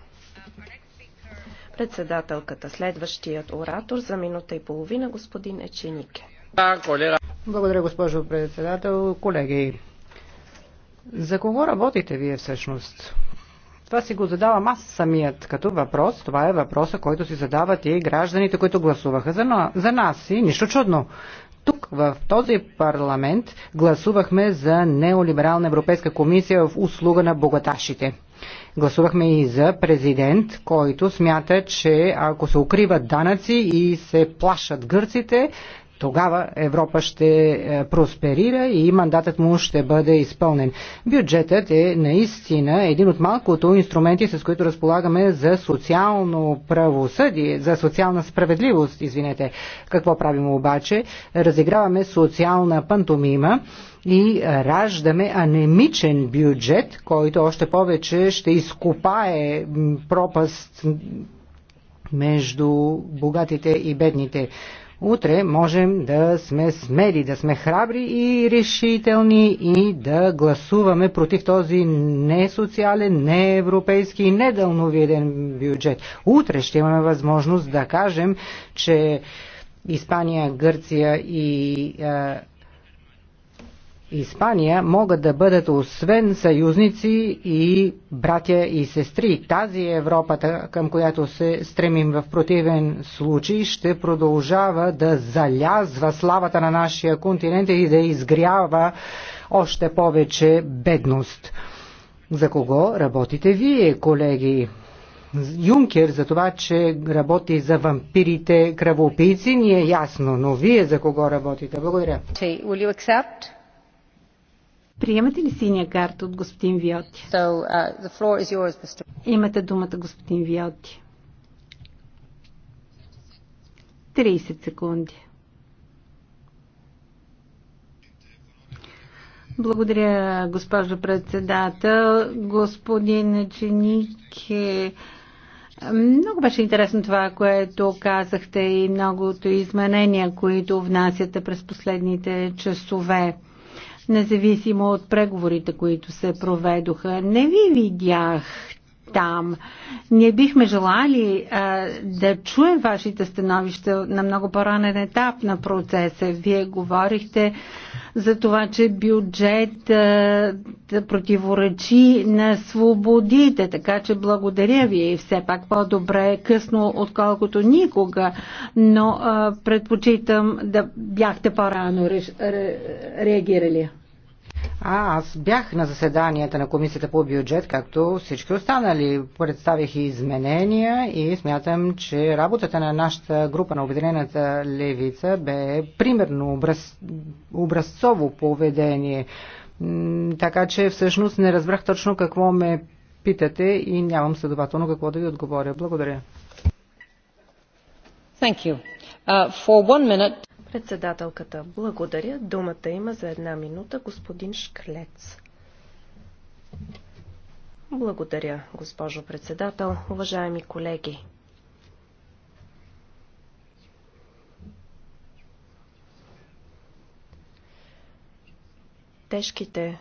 Председателката, следващият оратор за минута и половина, господин Еченике. Благодаря, госпожо председател. Колеги, за кого работите вие всъщност? Това си го задавам аз самият като въпрос. Това е въпроса, който си задават и гражданите, които гласуваха за, за нас. И нищо чудно. Тук, в този парламент, гласувахме за неолиберална Европейска комисия в услуга на богаташите. Гласувахме и за президент, който смята, че ако се укриват данъци и се плашат гърците, тогава Европа ще е, просперира и мандатът му ще бъде изпълнен. Бюджетът е наистина един от малкото инструменти, с които разполагаме за социално правосъдие, за социална справедливост, извинете. Какво правим обаче? Разиграваме социална пантомима и раждаме анемичен бюджет, който още повече ще изкопае пропаст между богатите и бедните утре можем да сме смели, да сме храбри и решителни и да гласуваме против този несоциален, неевропейски и недълновиден бюджет. Утре ще имаме възможност да кажем, че Испания, Гърция и а, Испания могат да бъдат освен съюзници и братя и сестри. Тази е Европата, към която се стремим в противен случай, ще продължава да залязва славата на нашия континент и да изгрява още повече бедност. За кого работите вие, колеги? Юнкер за това, че работи за вампирите кръвопийци, ни е ясно, но вие за кого работите? Благодаря. Will you accept? Приемате ли синия карта от господин Виоти? So, uh, the floor is yours, Mr. Имате думата, господин Виоти. 30 секунди. Благодаря, госпожо председател. Господин Ченик е... Много беше интересно това, което казахте и многото изменения, които внасяте през последните часове независимо от преговорите, които се проведоха. Не ви видях там. Ние бихме желали а, да чуем вашите становища на много по-ранен етап на процеса. Вие говорихте за това, че бюджет а, да противоречи на свободите. Така че благодаря ви и все пак по-добре е късно, отколкото никога, но а, предпочитам да бяхте по-рано реагирали. А, аз бях на заседанията на Комисията по бюджет, както всички останали. Представих и изменения и смятам, че работата на нашата група на Обединената левица бе примерно образ... образцово поведение. Така че всъщност не разбрах точно какво ме питате и нямам следователно какво да ви отговоря. Благодаря. Thank you. Uh, for one minute... Председателката, благодаря. Думата има за една минута господин Шклец. Благодаря, госпожо председател. Уважаеми колеги, тежките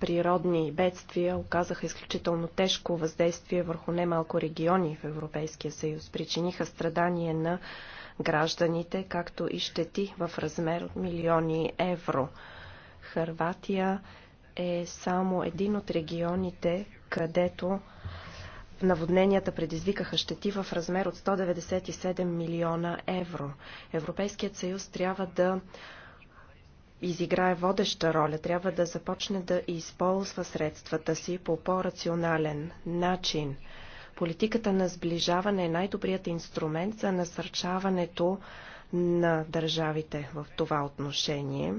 природни бедствия оказаха изключително тежко въздействие върху немалко региони в Европейския съюз. Причиниха страдание на гражданите, както и щети в размер от милиони евро. Харватия е само един от регионите, където наводненията предизвикаха щети в размер от 197 милиона евро. Европейският съюз трябва да изиграе водеща роля, трябва да започне да използва средствата си по по-рационален начин. Политиката на сближаване е най-добрият инструмент за насърчаването на държавите в това отношение.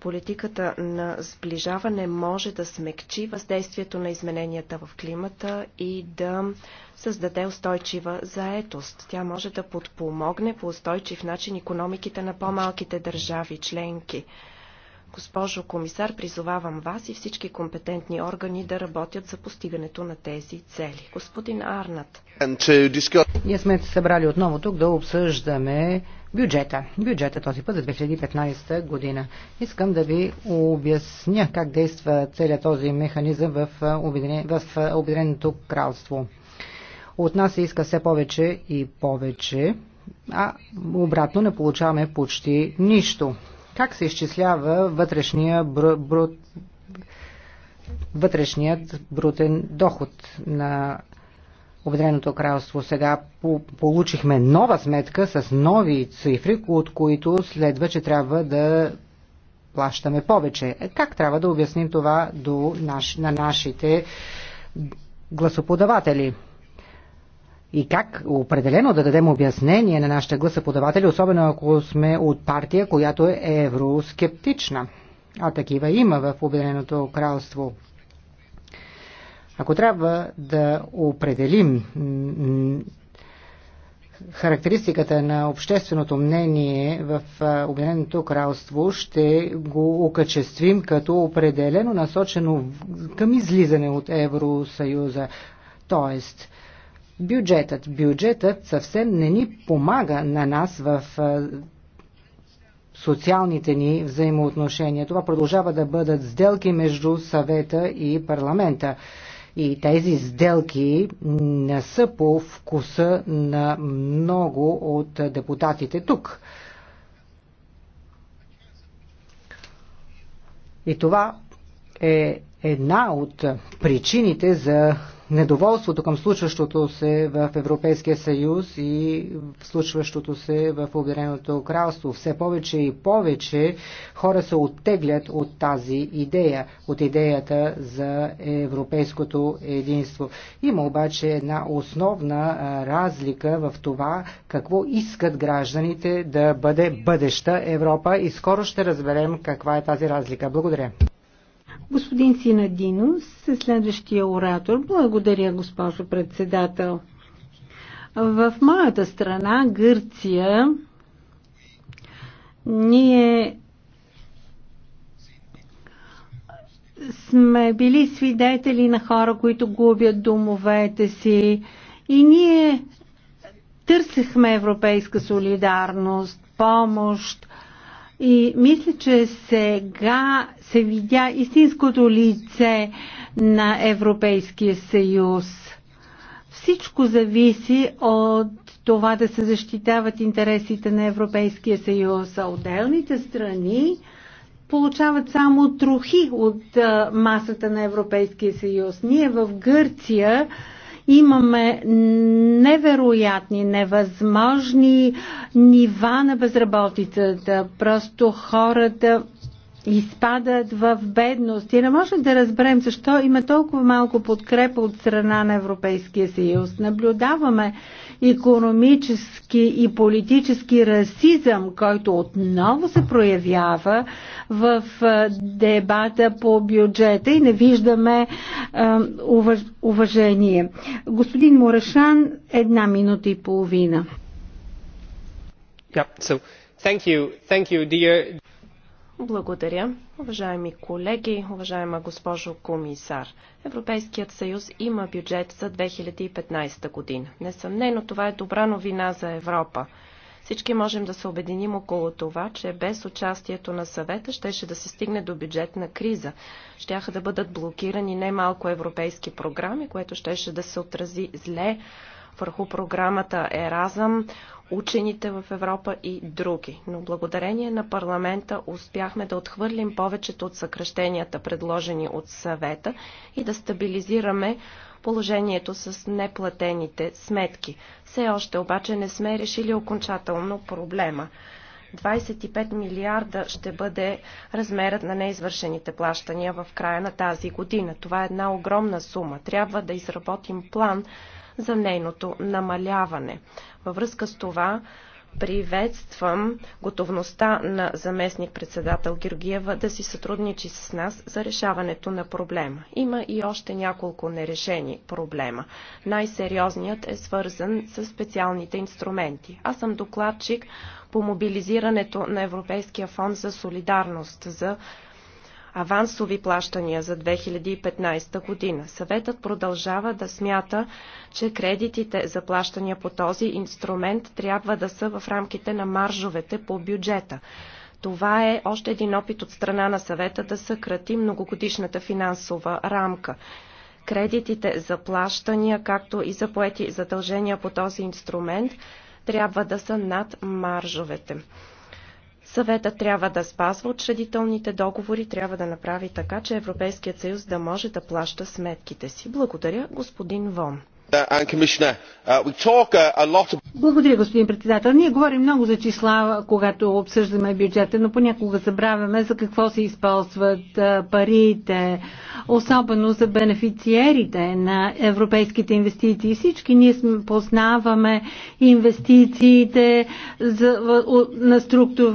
Политиката на сближаване може да смекчи въздействието на измененията в климата и да създаде устойчива заетост. Тя може да подпомогне по устойчив начин економиките на по-малките държави членки. Госпожо комисар, призовавам вас и всички компетентни органи да работят за постигането на тези цели. Господин Арнат. Uh, Ние сме се събрали отново тук да обсъждаме бюджета. Бюджета този път за 2015 година. Искам да ви обясня как действа целият този механизъм в, в Обединеното кралство. От нас се иска все повече и повече, а обратно не получаваме почти нищо как се изчислява вътрешния бру, бру, вътрешният брутен доход на Обединеното кралство. Сега по получихме нова сметка с нови цифри, от които следва, че трябва да плащаме повече. Е, как трябва да обясним това до наш, на нашите гласоподаватели? и как определено да дадем обяснение на нашите гласоподаватели, особено ако сме от партия, която е евроскептична. А такива има в Обединеното кралство. Ако трябва да определим характеристиката на общественото мнение в Обединеното кралство, ще го окачествим като определено насочено към излизане от Евросъюза. Тоест, бюджетът. Бюджетът съвсем не ни помага на нас в социалните ни взаимоотношения. Това продължава да бъдат сделки между съвета и парламента. И тези сделки не са по вкуса на много от депутатите тук. И това е една от причините за недоволството към случващото се в Европейския съюз и случващото се в Обединеното кралство. Все повече и повече хора се оттеглят от тази идея, от идеята за европейското единство. Има обаче една основна разлика в това какво искат гражданите да бъде бъдеща Европа и скоро ще разберем каква е тази разлика. Благодаря. Господин Синадино, е следващия оратор. Благодаря, госпожо председател. В моята страна, Гърция, ние сме били свидетели на хора, които губят домовете си и ние търсехме европейска солидарност, помощ, и мисля, че сега се видя истинското лице на Европейския съюз. Всичко зависи от това да се защитават интересите на Европейския съюз, а отделните страни получават само трохи от масата на Европейския съюз. Ние в Гърция Имаме невероятни, невъзможни нива на безработицата. Просто хората изпадат в бедност и не можем да разберем защо има толкова малко подкрепа от страна на Европейския съюз. Наблюдаваме економически и политически расизъм, който отново се проявява в дебата по бюджета и не виждаме уваж... уважение. Господин Морешан, една минута и половина. Yeah, so, thank you, thank you, dear... Благодаря. Уважаеми колеги, уважаема госпожо комисар, Европейският съюз има бюджет за 2015 година. Несъмнено това е добра новина за Европа. Всички можем да се обединим около това, че без участието на съвета щеше да се стигне до бюджетна криза. Щяха да бъдат блокирани немалко европейски програми, което щеше да се отрази зле върху програмата Еразъм, учените в Европа и други. Но благодарение на парламента успяхме да отхвърлим повечето от съкръщенията, предложени от съвета и да стабилизираме положението с неплатените сметки. Все още обаче не сме решили окончателно проблема. 25 милиарда ще бъде размерът на неизвършените плащания в края на тази година. Това е една огромна сума. Трябва да изработим план за нейното намаляване. Във връзка с това приветствам готовността на заместник-председател Георгиева да си сътрудничи с нас за решаването на проблема. Има и още няколко нерешени проблема. Най-сериозният е свързан с специалните инструменти. Аз съм докладчик по мобилизирането на Европейския фонд за солидарност за авансови плащания за 2015 година. Съветът продължава да смята, че кредитите за плащания по този инструмент трябва да са в рамките на маржовете по бюджета. Това е още един опит от страна на съвета да съкрати многогодишната финансова рамка кредитите за плащания, както и за поети задължения по този инструмент, трябва да са над маржовете. Съветът трябва да спазва учредителните договори, трябва да направи така, че Европейският съюз да може да плаща сметките си. Благодаря, господин Вон. Благодаря, господин председател. Ние говорим много за числа, когато обсъждаме бюджета, но понякога забравяме за какво се използват парите, особено за бенефициерите на европейските инвестиции. Всички ние познаваме инвестициите за, на структур,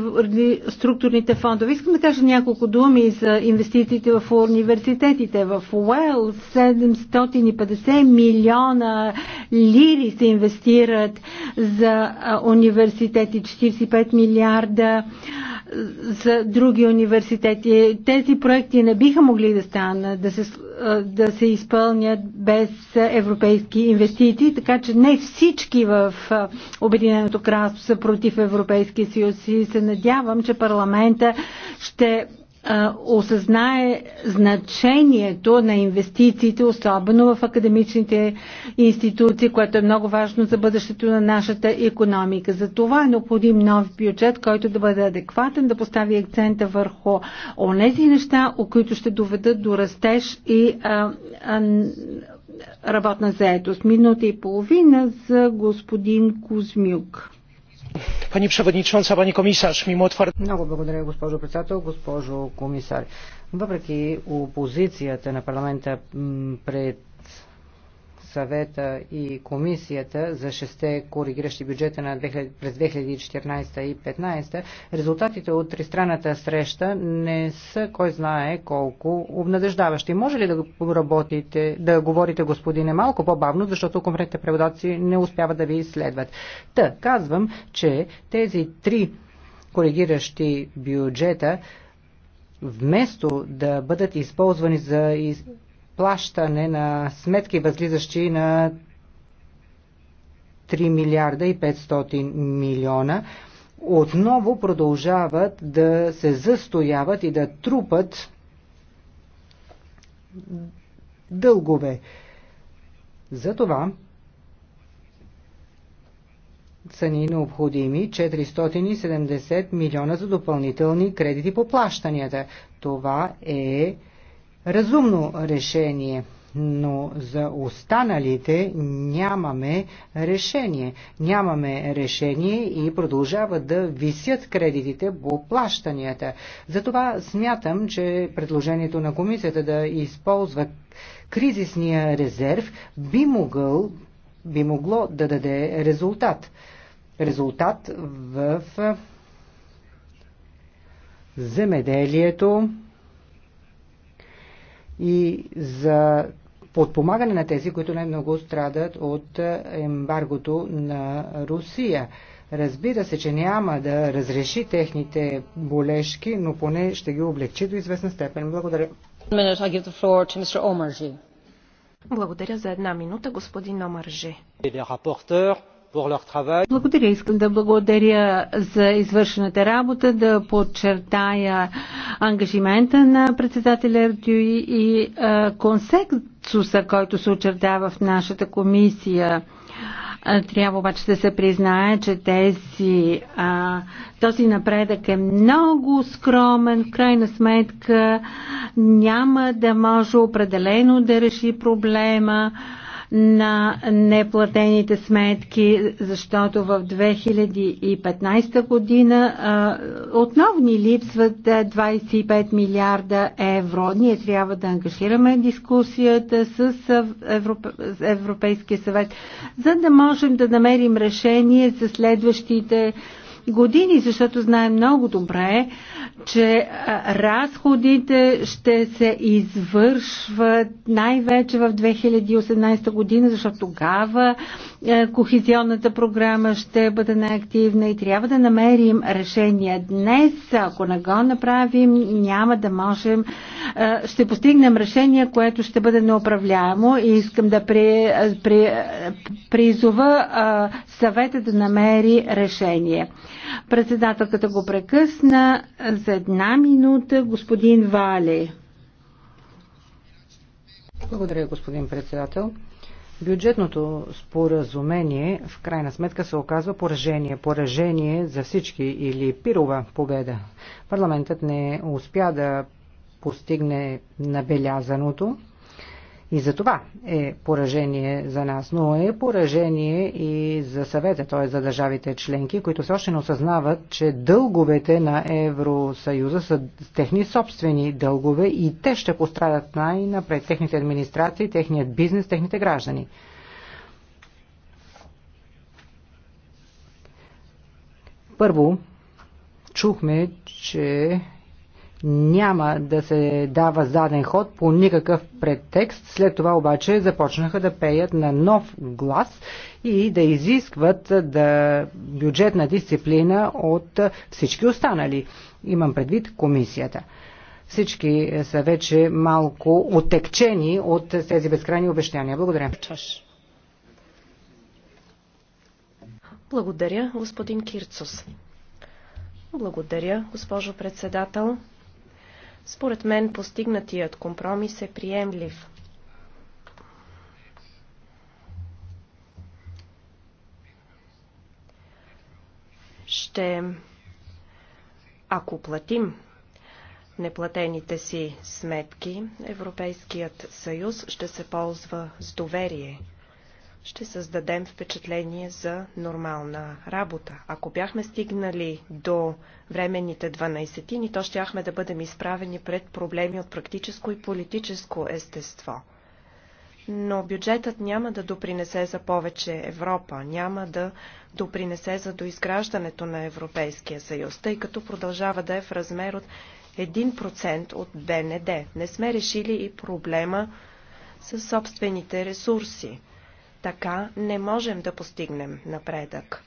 структурните фондове. Искам да кажа няколко думи за инвестициите в университетите. В Уел 750 милиона лири се инвестират за университети, 45 милиарда за други университети. Тези проекти не биха могли да станат, да се, да се изпълнят без европейски инвестиции, така че не всички в Обединеното кралство са против Европейския съюз и се надявам, че парламента ще осъзнае значението на инвестициите, особено в академичните институции, което е много важно за бъдещето на нашата економика. За това е необходим нов бюджет, който да бъде адекватен, да постави акцента върху онези неща, които ще доведат до растеж и а, а, работна заедост. Минута и половина за господин Кузмюк. Pani Przewodnicząca, pani komisarz. Много благодаря, госпожо председател, госпожо комисар. Въпреки опозицията на парламента пред съвета и комисията за шесте коригиращи бюджета на 2000, през 2014 и 2015, резултатите от тристранната среща не са кой знае колко обнадеждаващи. Може ли да работите, да говорите, господине, малко по-бавно, защото конкретните преводаци не успяват да ви изследват? Та, казвам, че тези три коригиращи бюджета вместо да бъдат използвани за плащане на сметки възлизащи на 3 милиарда и 500 милиона, отново продължават да се застояват и да трупат дългове. Затова са ни необходими 470 милиона за допълнителни кредити по плащанията. Това е разумно решение, но за останалите нямаме решение. Нямаме решение и продължават да висят кредитите по плащанията. Затова смятам, че предложението на комисията да използва кризисния резерв би могъл би могло да даде резултат. Резултат в земеделието, и за подпомагане на тези, които най-много страдат от е, ембаргото на Русия. Разбира се, че няма да разреши техните болешки, но поне ще ги облегчи до известна степен. Благодаря. Благодаря за една минута, господин Омаржи. Е, благодаря. Искам да благодаря за извършената работа, да подчертая ангажимента на председателя Ртюи и консенсуса, който се очертава в нашата комисия. Трябва обаче да се признае, че тези, а, този напредък е много скромен. В крайна сметка няма да може определено да реши проблема на неплатените сметки, защото в 2015 година отново ни липсват 25 милиарда евро. Ние трябва да ангажираме дискусията с Европейския съвет, за да можем да намерим решение за следващите години, защото знаем много добре, че разходите ще се извършват най-вече в 2018 година, защото тогава кохезионната програма ще бъде най-активна и трябва да намерим решение днес. Ако не го направим, няма да можем, ще постигнем решение, което ще бъде неуправляемо и искам да при, при, призова съвета да намери решение. Председателката го прекъсна за една минута господин Вале. Благодаря, господин председател. Бюджетното споразумение в крайна сметка се оказва поражение. Поражение за всички или пирова победа. Парламентът не успя да постигне набелязаното, и за това е поражение за нас, но е поражение и за съвета, т.е. за държавите членки, които все още не осъзнават, че дълговете на Евросъюза са техни собствени дългове и те ще пострадат най-напред техните администрации, техният бизнес, техните граждани. Първо, чухме, че няма да се дава заден ход по никакъв претекст. След това обаче започнаха да пеят на нов глас и да изискват да бюджетна дисциплина от всички останали. Имам предвид комисията. Всички са вече малко отекчени от тези безкрайни обещания. Благодаря. Благодаря, господин Кирцус. Благодаря, госпожо председател. Според мен постигнатият компромис е приемлив. Ще, ако платим неплатените си сметки, Европейският съюз ще се ползва с доверие – ще създадем впечатление за нормална работа. Ако бяхме стигнали до временните 12 ни, то щяхме да бъдем изправени пред проблеми от практическо и политическо естество. Но бюджетът няма да допринесе за повече Европа, няма да допринесе за доизграждането на Европейския съюз, тъй като продължава да е в размер от 1% от БНД. Не сме решили и проблема със собствените ресурси. Така не можем да постигнем напредък.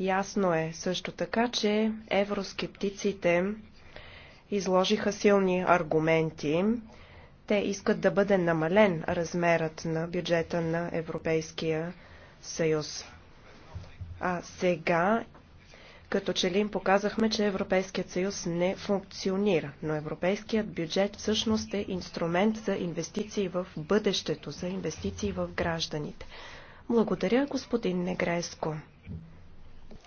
Ясно е също така, че евроскептиците изложиха силни аргументи. Те искат да бъде намален размерът на бюджета на Европейския съюз. А сега като че ли им показахме, че Европейският съюз не функционира, но европейският бюджет всъщност е инструмент за инвестиции в бъдещето, за инвестиции в гражданите. Благодаря, господин Негреско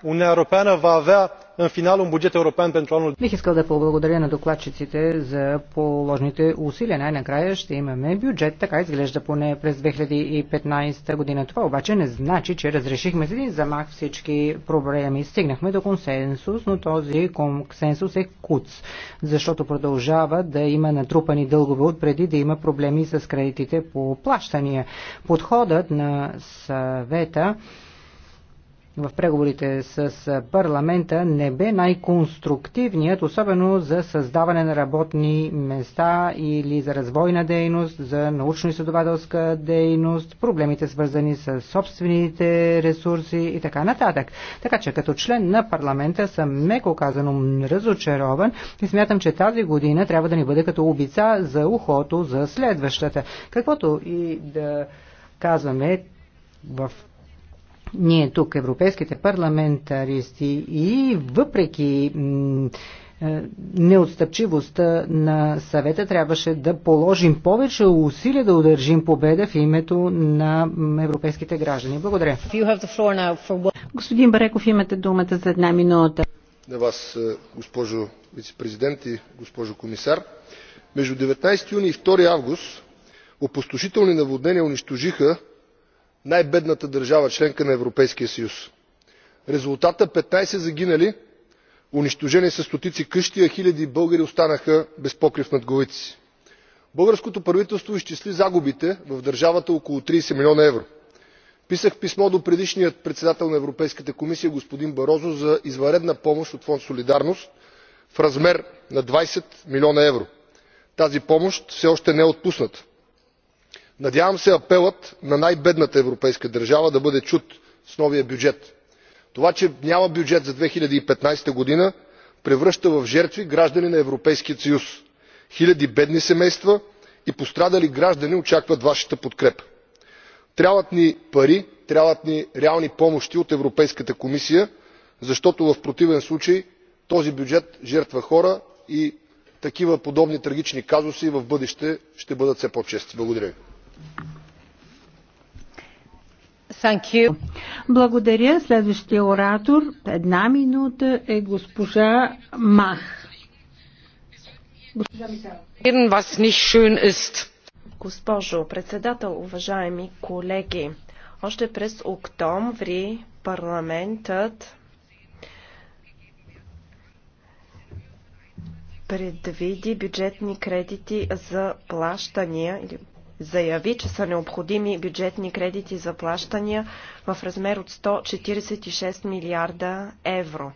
uniunea europeană va avea în final un buget european pentru anul. Бих искал да поблагодаря на докладчиците за положените усилия. Най-накрая ще имаме бюджет, така изглежда поне през 2015 година. Това обаче не значи, че разрешихме с един замах всички проблеми. Стигнахме до консенсус, но този консенсус е куц, защото продължава да има натрупани дългове от преди да има проблеми с кредитите по плащания. Подходът на съвета в преговорите с парламента не бе най-конструктивният, особено за създаване на работни места или за развойна дейност, за научно-изследователска дейност, проблемите свързани с собствените ресурси и така нататък. Така че като член на парламента съм меко казано разочарован и смятам, че тази година трябва да ни бъде като обица за ухото за следващата. Каквото и да казваме в ние тук, европейските парламентаристи и въпреки е, неотстъпчивостта на съвета трябваше да положим повече усилия да удържим победа в името на европейските граждани. Благодаря. For... Господин Бареков, имате думата за една минута. На вас, е, госпожо вице-президент и госпожо комисар. Между 19 юни и 2 август опустошителни наводнения унищожиха най бедната държава членка на европейския съюз. резултатът петнадесет загинали унищожени са стотици къщи а хиляди българи останаха без покрив над главите си. българското правителство изчисли загубите в държавата около тридесет милиона евро. писах писмо до предишния председател на европейската комисия господин барозу за извънредна помощ от фонд солидарност в размер на двадесет милиона евро. тази помощ все още не е отпусната надявам се апелът на най бедната европейска държава да бъде чут с новия бюджет. това че няма бюджет за две хиляди и петнадесета година превръща в жертви граждани на европейския съюз. хиляди бедни семейства и пострадали граждани очакват вашата подкрепа. трябват ни пари трябват ни реални помощи от европейската комисия защото в противен случай този бюджет жертва хора и такива подобни трагични казуси в бъдеще ще бъдат все по чести. благодаря благодаря. Следващия оратор, една минута, е госпожа Мах. Госпожа Госпожо председател, уважаеми колеги, още през октомври парламентът предвиди бюджетни кредити за плащания или заяви, че са необходими бюджетни кредити за плащания в размер от 146 милиарда евро.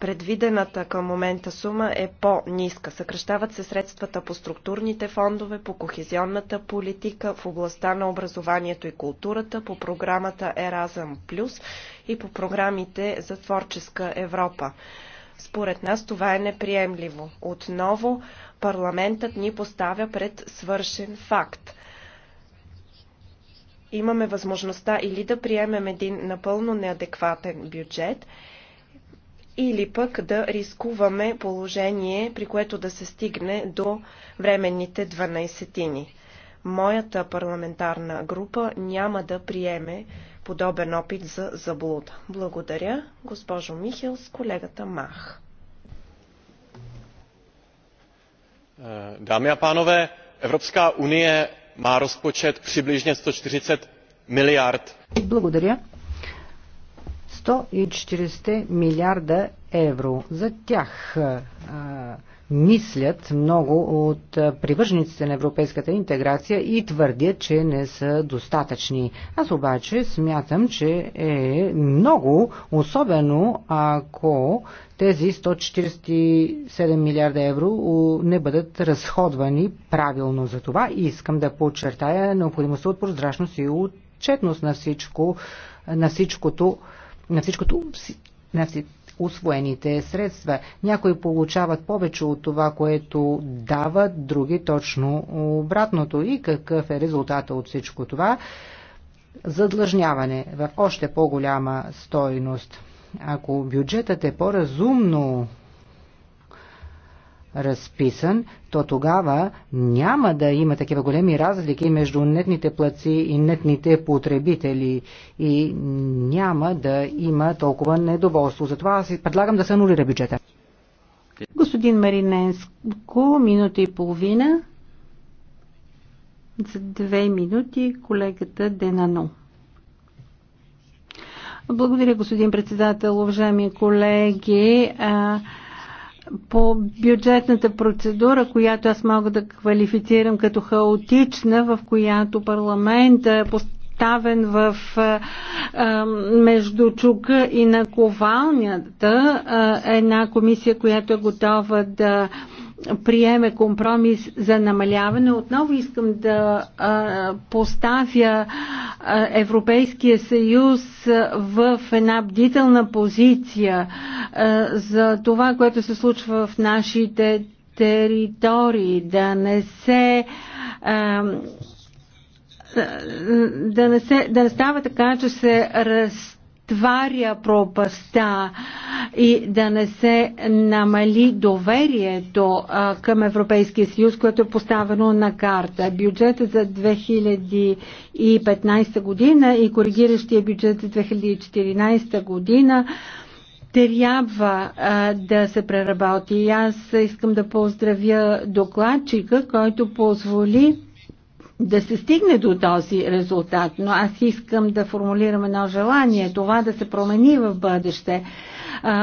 Предвидената към момента сума е по-ниска. Съкръщават се средствата по структурните фондове, по кохезионната политика, в областта на образованието и културата, по програмата Еразъм Плюс и по програмите за творческа Европа. Според нас това е неприемливо. Отново парламентът ни поставя пред свършен факт имаме възможността или да приемем един напълно неадекватен бюджет, или пък да рискуваме положение, при което да се стигне до временните 12-тини. Моята парламентарна група няма да приеме подобен опит за заблуда. Благодаря, госпожо Михел, с колегата Мах. Е, дами и панове, Европейска уния má rozpočet přibližně 140 miliard. Благодаря. 140 милиарда евро. За тях а, мислят много от привържниците на европейската интеграция и твърдят, че не са достатъчни. Аз обаче смятам, че е много, особено ако тези 147 милиарда евро не бъдат разходвани правилно. За това и искам да подчертая необходимостта от прозрачност и отчетност на всичко, на всичкото, на всичкото, на всичкото освоените средства. Някои получават повече от това, което дават, други точно обратното. И какъв е резултата от всичко това? Задлъжняване в още по-голяма стойност. Ако бюджетът е по-разумно разписан, то тогава няма да има такива големи разлики между нетните плаци и нетните потребители и няма да има толкова недоволство. Затова аз предлагам да се анулира бюджета. Господин Мариненско, минута и половина. За две минути колегата Денано. Благодаря, господин председател, уважаеми колеги по бюджетната процедура, която аз мога да квалифицирам като хаотична, в която парламент е поставен в а, е, е, между чука и ковалнята, а, е, една комисия, която е готова да а, приеме компромис за намаляване. Отново искам да а, поставя а, Европейския съюз в една бдителна позиция а, за това, което се случва в нашите територии, да не се а, да не, се, да не става така, че се раз затваря пропаста и да не се намали доверието а, към Европейския съюз, което е поставено на карта. Бюджетът за 2015 година и коригиращия бюджет за 2014 година трябва а, да се преработи. И аз искам да поздравя докладчика, който позволи да се стигне до този резултат, но аз искам да формулирам едно желание, това да се промени в бъдеще.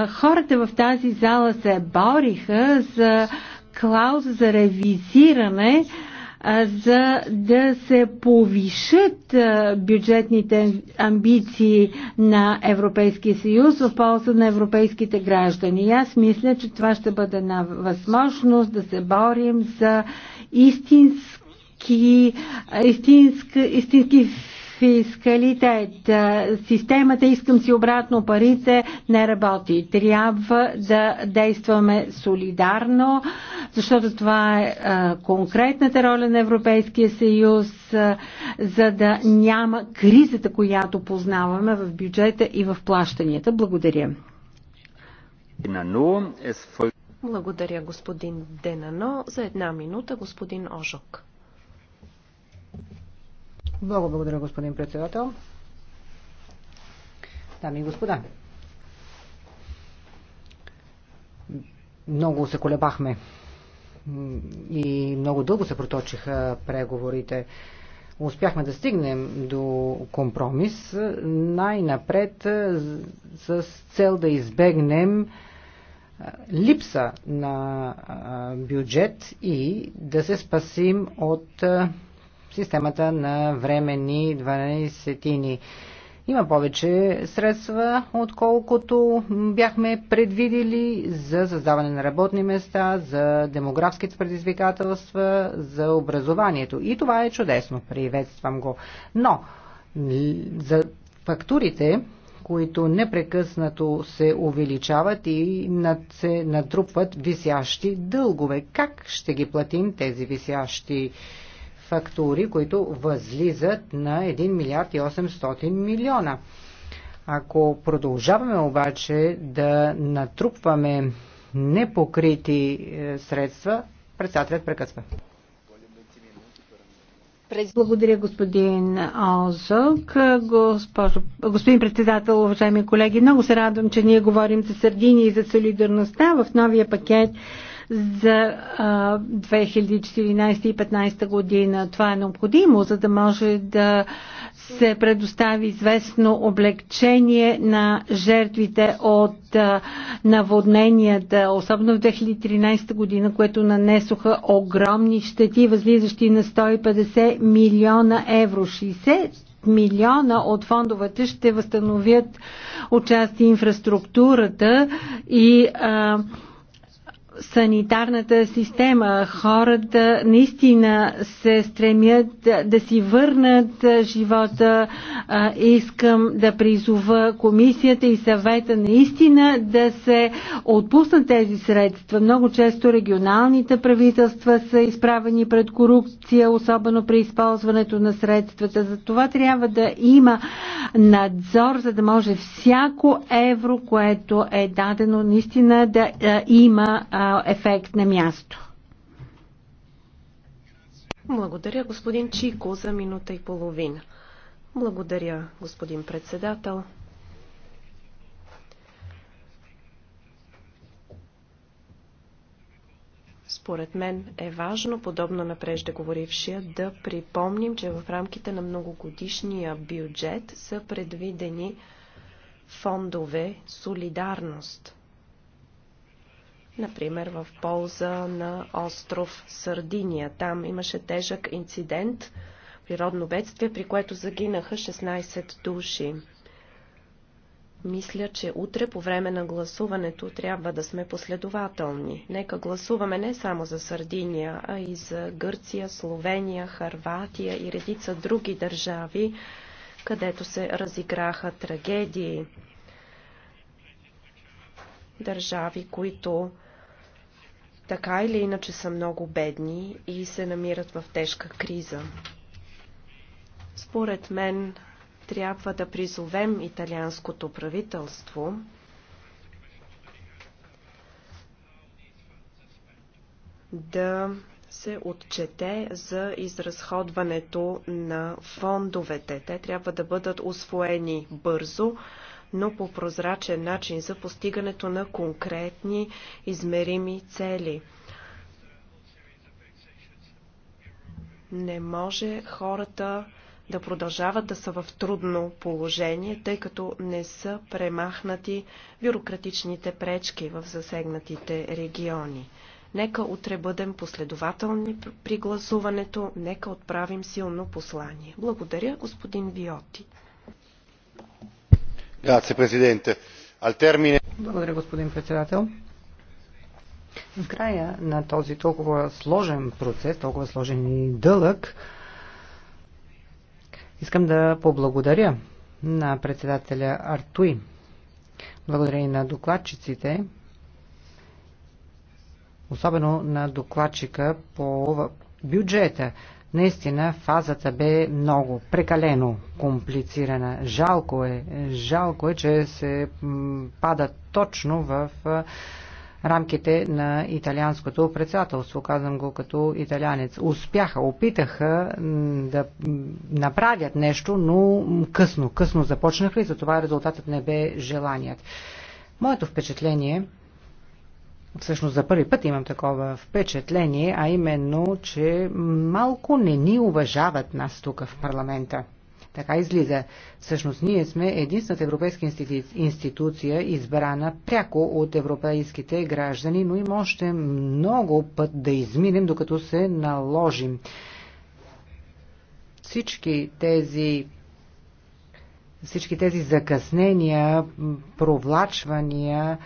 Хората в тази зала се бориха за клауз за ревизиране, за да се повишат бюджетните амбиции на Европейския съюз в полза на европейските граждани. И аз мисля, че това ще бъде една възможност да се борим за истинска истински, истинска, истински фискалитет. Системата искам си обратно парите не работи. Трябва да действаме солидарно, защото това е конкретната роля на Европейския съюз, за да няма кризата, която познаваме в бюджета и в плащанията. Благодаря. Е Благодаря господин Денано. За една минута господин Ожок. Много благодаря, господин председател. Дами и господа, много се колебахме и много дълго се проточиха преговорите. Успяхме да стигнем до компромис най-напред с цел да избегнем липса на бюджет и да се спасим от системата на времени 12-тини. Има повече средства, отколкото бяхме предвидили за създаване на работни места, за демографските предизвикателства, за образованието. И това е чудесно. Приветствам го. Но за фактурите, които непрекъснато се увеличават и над се натрупват висящи дългове. Как ще ги платим тези висящи дългове? фактури, които възлизат на 1 милиард и 800 милиона. Ако продължаваме обаче да натрупваме непокрити е, средства, председателят прекъсва. Благодаря, господин Озък. господин председател, уважаеми колеги, много се радвам, че ние говорим за сърдини и за солидарността в новия пакет за 2014 и 2015 година. Това е необходимо, за да може да се предостави известно облегчение на жертвите от наводненията, особено в 2013 година, което нанесоха огромни щети, възлизащи на 150 милиона евро. 60 милиона от фондовете ще възстановят участие инфраструктурата и а, санитарната система. Хората наистина се стремят да си върнат живота. Искам да призова комисията и съвета наистина да се отпуснат тези средства. Много често регионалните правителства са изправени пред корупция, особено при използването на средствата. За това трябва да има надзор, за да може всяко евро, което е дадено, наистина да има а, ефект на място. Благодаря, господин Чико, за минута и половина. Благодаря, господин председател. Според мен е важно, подобно на преждеговорившия, да припомним, че в рамките на многогодишния бюджет са предвидени фондове солидарност – например в полза на остров Сардиния. Там имаше тежък инцидент, природно бедствие, при което загинаха 16 души. Мисля, че утре по време на гласуването трябва да сме последователни. Нека гласуваме не само за Сардиния, а и за Гърция, Словения, Харватия и редица други държави, където се разиграха трагедии държави, които така или иначе са много бедни и се намират в тежка криза. Според мен трябва да призовем италианското правителство да се отчете за изразходването на фондовете. Те трябва да бъдат освоени бързо, но по прозрачен начин за постигането на конкретни измерими цели. Не може хората да продължават да са в трудно положение, тъй като не са премахнати бюрократичните пречки в засегнатите региони. Нека утре бъдем последователни при гласуването, нека отправим силно послание. Благодаря, господин Виоти. Благодаря, господин председател. В края на този толкова сложен процес, толкова сложен и дълъг, искам да поблагодаря на председателя Артуи. Благодаря и на докладчиците, особено на докладчика по бюджета, Наистина фазата бе много, прекалено комплицирана. Жалко е, жалко е, че се пада точно в рамките на италианското председателство, казвам го като италянец. Успяха, опитаха да направят нещо, но късно, късно започнаха и затова резултатът не бе желаният. Моето впечатление Всъщност за първи път имам такова впечатление, а именно, че малко не ни уважават нас тук в парламента. Така излиза. Всъщност ние сме единствената европейска институция, избрана пряко от европейските граждани, но има още много път да изминем, докато се наложим. Всички тези всички тези закъснения, провлачвания,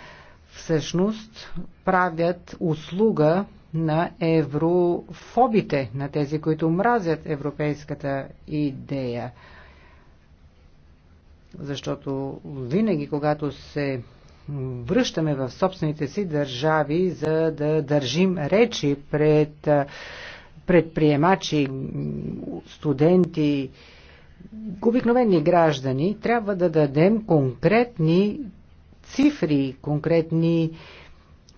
всъщност правят услуга на еврофобите, на тези, които мразят европейската идея. Защото винаги, когато се връщаме в собствените си държави, за да държим речи пред предприемачи, студенти, обикновени граждани, трябва да дадем конкретни цифри, конкретни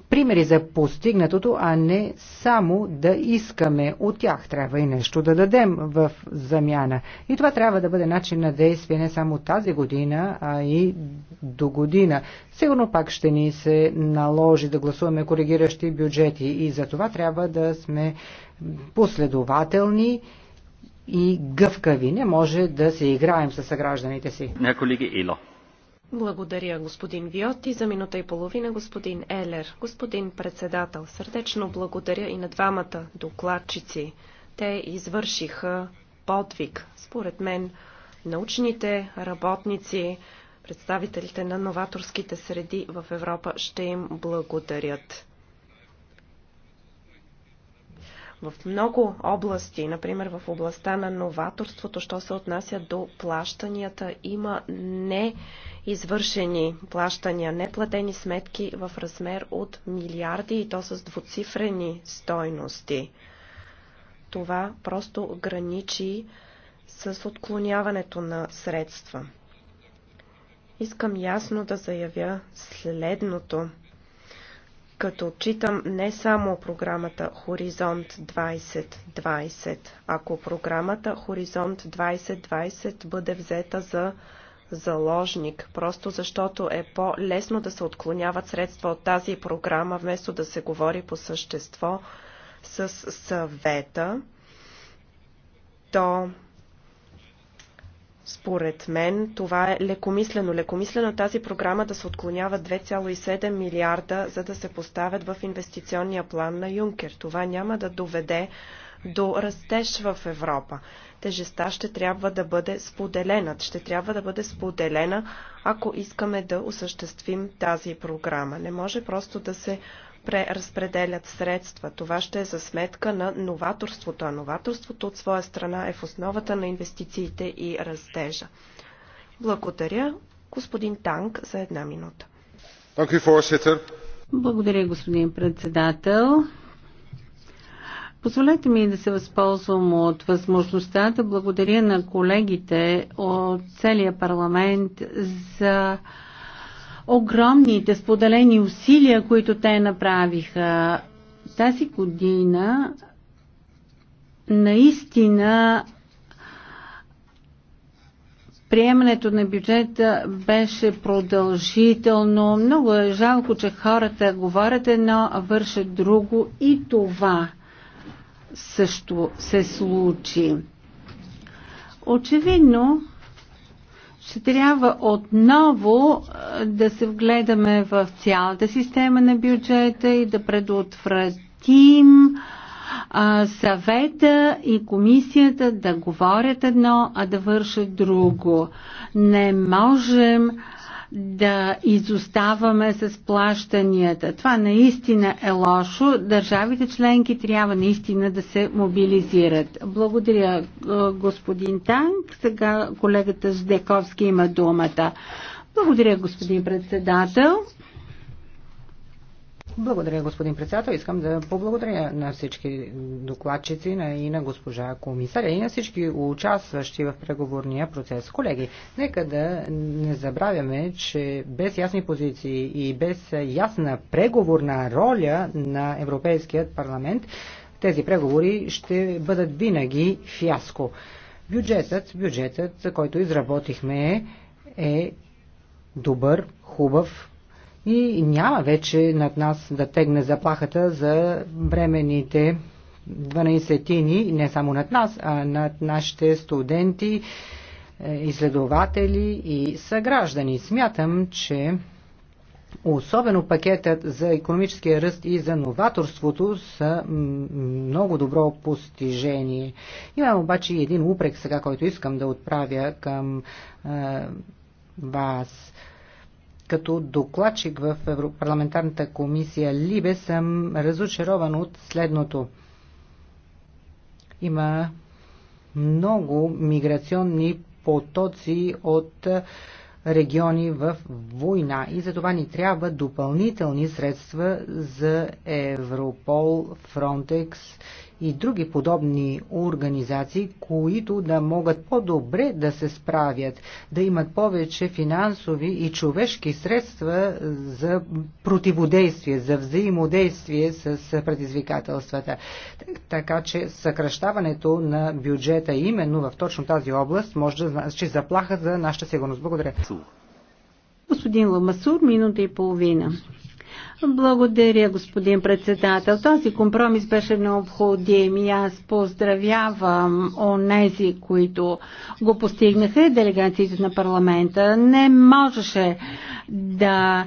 примери за постигнатото, а не само да искаме от тях. Трябва и нещо да дадем в замяна. И това трябва да бъде начин на действие не само тази година, а и до година. Сигурно пак ще ни се наложи да гласуваме коригиращи бюджети и за това трябва да сме последователни и гъвкави. Не може да се играем с съгражданите си. ги Ело. Благодаря, господин Виоти. За минута и половина, господин Елер. Господин председател, сърдечно благодаря и на двамата докладчици. Те извършиха подвиг. Според мен, научните работници, представителите на новаторските среди в Европа ще им благодарят. В много области, например в областта на новаторството, що се отнася до плащанията, има неизвършени плащания, неплатени сметки в размер от милиарди и то с двуцифрени стойности. Това просто граничи с отклоняването на средства. Искам ясно да заявя следното – като отчитам не само програмата Хоризонт 2020. Ако програмата Хоризонт 2020 бъде взета за заложник, просто защото е по-лесно да се отклоняват средства от тази програма, вместо да се говори по същество с съвета, то според мен това е лекомислено. Лекомислено е тази програма да се отклонява 2,7 милиарда, за да се поставят в инвестиционния план на Юнкер. Това няма да доведе до растеж в Европа. Тежестта ще трябва да бъде споделена. Ще трябва да бъде споделена, ако искаме да осъществим тази програма. Не може просто да се преразпределят средства. Това ще е за сметка на новаторството, а новаторството от своя страна е в основата на инвестициите и растежа. Благодаря, господин Танк, за една минута. Благодаря, господин председател. Позволете ми да се възползвам от възможността да благодаря на колегите от целия парламент за огромните споделени усилия, които те направиха. Тази година наистина Приемането на бюджета беше продължително. Много е жалко, че хората говорят едно, а вършат друго и това също се случи. Очевидно, ще трябва отново да се вгледаме в цялата система на бюджета и да предотвратим а, съвета и комисията да говорят едно, а да вършат друго. Не можем да изоставаме с плащанията. Това наистина е лошо. Държавите членки трябва наистина да се мобилизират. Благодаря, е, господин Танк. Сега колегата Ждековски има думата. Благодаря, господин председател. Благодаря, господин председател. Искам да поблагодаря на всички докладчици на, и на госпожа комисаря и на всички участващи в преговорния процес. Колеги, нека да не забравяме, че без ясни позиции и без ясна преговорна роля на Европейският парламент, тези преговори ще бъдат винаги фиаско. Бюджетът, бюджетът, който изработихме е добър, хубав, и няма вече над нас да тегне заплахата за времените 12-тини, не само над нас, а над нашите студенти, е, изследователи и съграждани. Смятам, че Особено пакетът за економическия ръст и за новаторството са много добро постижение. Имам обаче един упрек сега, който искам да отправя към е, вас като докладчик в парламентарната комисия Либе съм разочарован от следното. Има много миграционни потоци от региони в война и за това ни трябва допълнителни средства за Европол, Фронтекс и други подобни организации, които да могат по-добре да се справят, да имат повече финансови и човешки средства за противодействие, за взаимодействие с предизвикателствата. Така че съкръщаването на бюджета именно в точно тази област може да значи заплаха за нашата сигурност. Благодаря. Господин Ламасур, минута и половина. Благодаря, господин председател. Този компромис беше необходим и аз поздравявам онези, които го постигнаха делегациите на парламента. Не можеше да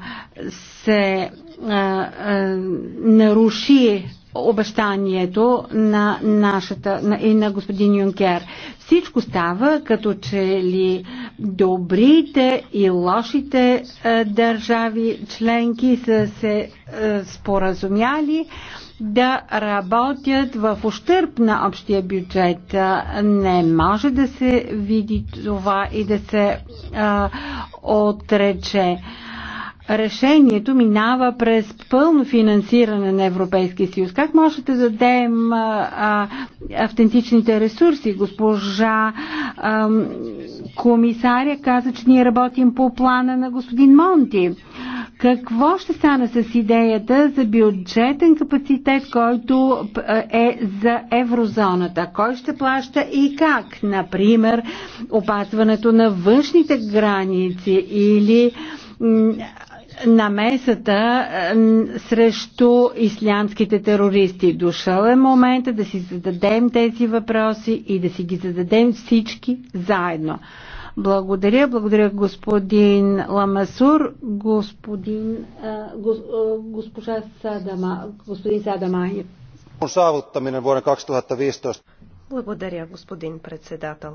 се а, а, наруши обещанието на нашата на, и на господин Юнкер. Всичко става като че ли добрите и лошите е, държави членки са се е, споразумяли да работят в ущърп на общия бюджет. Е, не може да се види това и да се а, отрече решението минава през пълно финансиране на Европейския съюз. Как може да дадем а, автентичните ресурси? Госпожа а, комисаря каза, че ние работим по плана на господин Монти. Какво ще стане с идеята за бюджетен капацитет, който е за еврозоната? Кой ще плаща и как? Например, опазването на външните граници или намесата е, срещу ислямските терористи. Дошъл е момента да си зададем тези въпроси и да си ги зададем всички заедно. Благодаря, благодаря господин Ламасур, господин, е, гос, е, госпожа Садама, господин Садамаев. Благодаря, господин председател.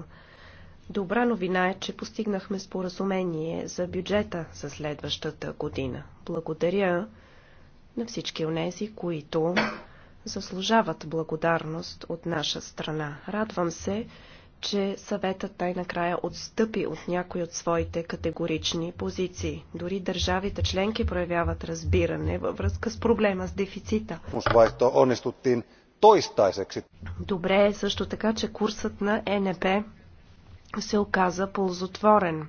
Добра новина е, че постигнахме споразумение за бюджета за следващата година. Благодаря на всички онези, които заслужават благодарност от наша страна. Радвам се, че съветът най-накрая отстъпи от някои от своите категорични позиции. Дори държавите членки проявяват разбиране във връзка с проблема с дефицита. Добре е също така, че курсът на ЕНП се оказа ползотворен.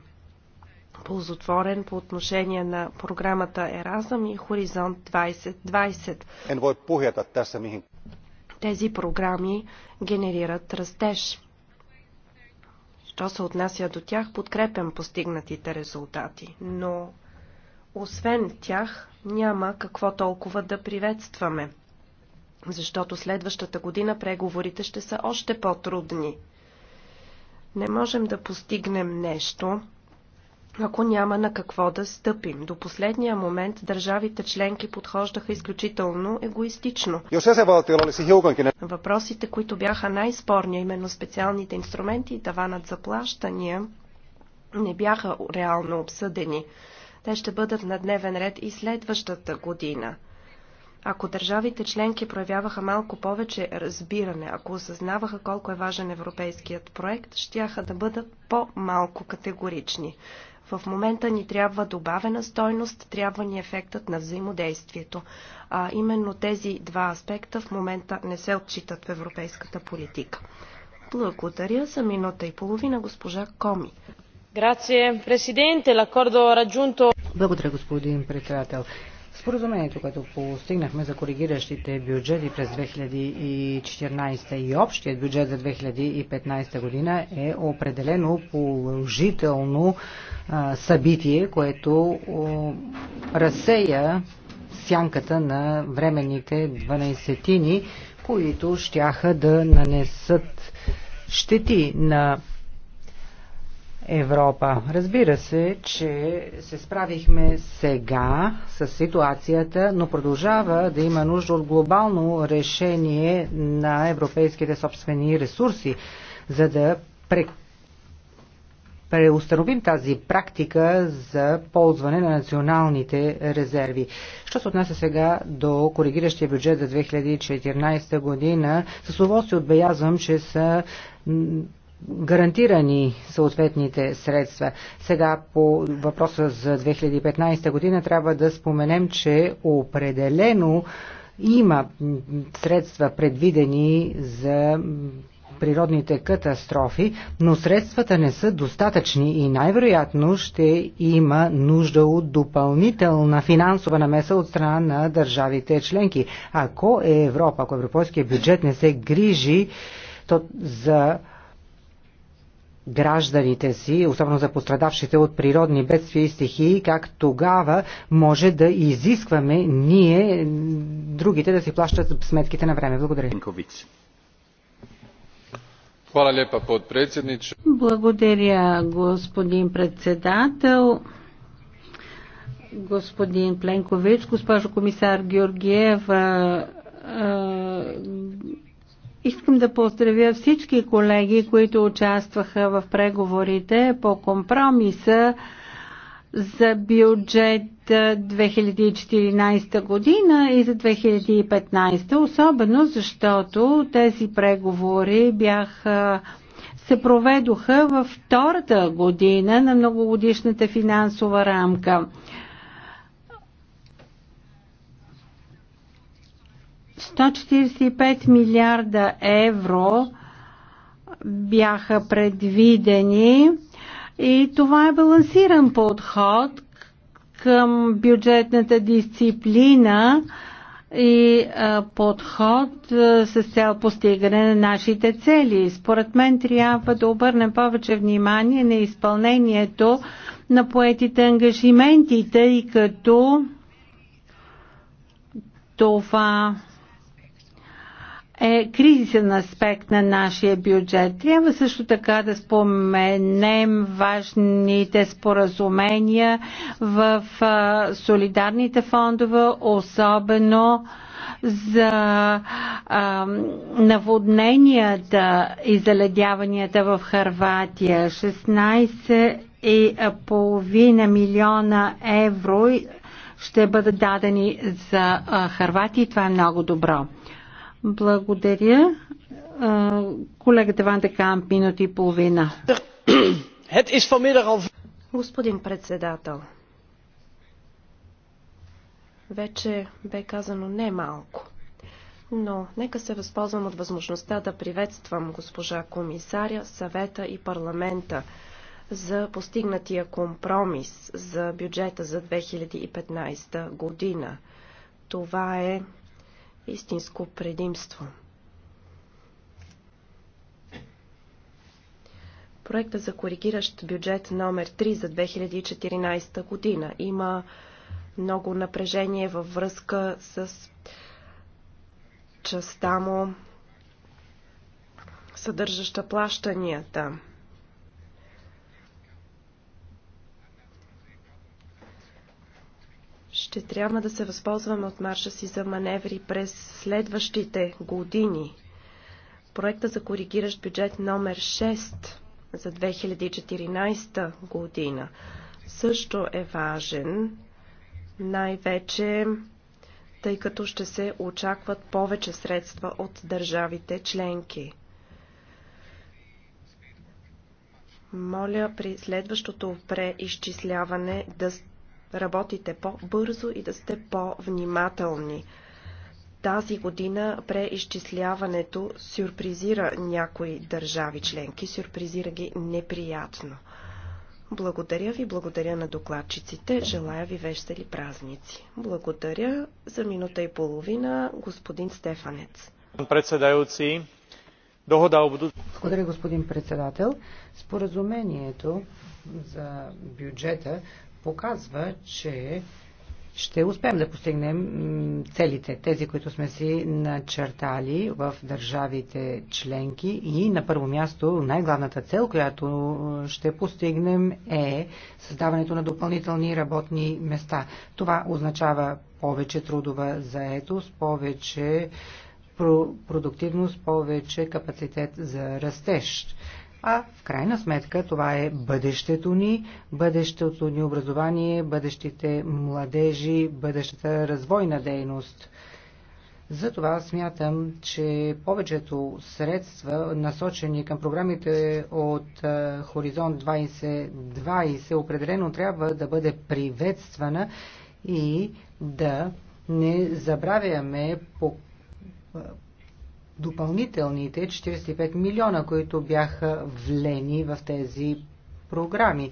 Ползотворен по отношение на програмата Еразъм и Хоризонт 2020. Тези програми генерират растеж. Що се отнася до тях, подкрепям постигнатите резултати, но освен тях няма какво толкова да приветстваме, защото следващата година преговорите ще са още по-трудни – не можем да постигнем нещо, ако няма на какво да стъпим. До последния момент държавите членки подхождаха изключително егоистично. Въпросите, които бяха най-спорни, именно специалните инструменти и таванът за плащания, не бяха реално обсъдени. Те ще бъдат на дневен ред и следващата година. Ако държавите членки проявяваха малко повече разбиране, ако осъзнаваха колко е важен европейският проект, щяха да бъдат по-малко категорични. В момента ни трябва добавена стойност, трябва ни ефектът на взаимодействието. А именно тези два аспекта в момента не се отчитат в европейската политика. Благодаря за минута и половина госпожа Коми. Благодаря, господин председател. Споразумението, което постигнахме за коригиращите бюджети през 2014 и общият бюджет за 2015 година е определено положително събитие, което разсея сянката на временните 12 които щяха да нанесат щети на Европа. Разбира се, че се справихме сега с ситуацията, но продължава да има нужда от глобално решение на европейските собствени ресурси, за да пре... преустановим тази практика за ползване на националните резерви. Що се отнася сега до коригиращия бюджет за 2014 година, с удоволствие отбелязвам, че са гарантирани съответните средства. Сега по въпроса за 2015 година трябва да споменем, че определено има средства предвидени за природните катастрофи, но средствата не са достатъчни и най-вероятно ще има нужда от допълнителна финансова намеса от страна на държавите членки. Ако е Европа, ако европейския бюджет не се грижи то за гражданите си, особено за пострадавшите от природни бедствия и стихии, как тогава може да изискваме ние другите да си плащат сметките на време. Благодаря. Благодаря, господин председател. Господин Пленкович, госпожо комисар Георгиев, Искам да поздравя всички колеги, които участваха в преговорите по компромиса за бюджет 2014 година и за 2015, особено защото тези преговори бяха се проведоха във втората година на многогодишната финансова рамка. 145 милиарда евро бяха предвидени и това е балансиран подход към бюджетната дисциплина и подход с цел постигане на нашите цели. Според мен трябва да обърнем повече внимание на изпълнението на поетите ангажиментите и като това е кризисен аспект на нашия бюджет. Трябва също така да споменем важните споразумения в солидарните фондове, особено за а, наводненията и заледяванията в Харватия. 16,5 милиона евро ще бъдат дадени за Харватия и това е много добро. Благодаря. Колегата Ван Декамп, минути и половина. Господин председател, вече бе казано не малко. Но нека се възползвам от възможността да приветствам госпожа комисаря, съвета и парламента за постигнатия компромис за бюджета за 2015 година. Това е истинско предимство. Проекта за коригиращ бюджет номер 3 за 2014 година има много напрежение във връзка с частта му съдържаща плащанията. ще трябва да се възползваме от марша си за маневри през следващите години. Проекта за коригиращ бюджет номер 6 за 2014 година също е важен, най-вече тъй като ще се очакват повече средства от държавите членки. Моля при следващото преизчисляване да работите по-бързо и да сте по-внимателни. Тази година преизчисляването сюрпризира някои държави членки, сюрпризира ги неприятно. Благодаря ви, благодаря на докладчиците, желая ви весели празници. Благодаря за минута и половина, господин Стефанец. дохода Благодаря, господин председател. Споразумението за бюджета показва, че ще успеем да постигнем целите, тези, които сме си начертали в държавите членки и на първо място най-главната цел, която ще постигнем е създаването на допълнителни работни места. Това означава повече трудова заетост, повече продуктивност, повече капацитет за растещ а в крайна сметка това е бъдещето ни, бъдещето ни образование, бъдещите младежи, бъдещата развойна дейност. Затова смятам, че повечето средства, насочени към програмите от Хоризонт 2020, определено трябва да бъде приветствана и да не забравяме по допълнителните 45 милиона, които бяха влени в тези програми.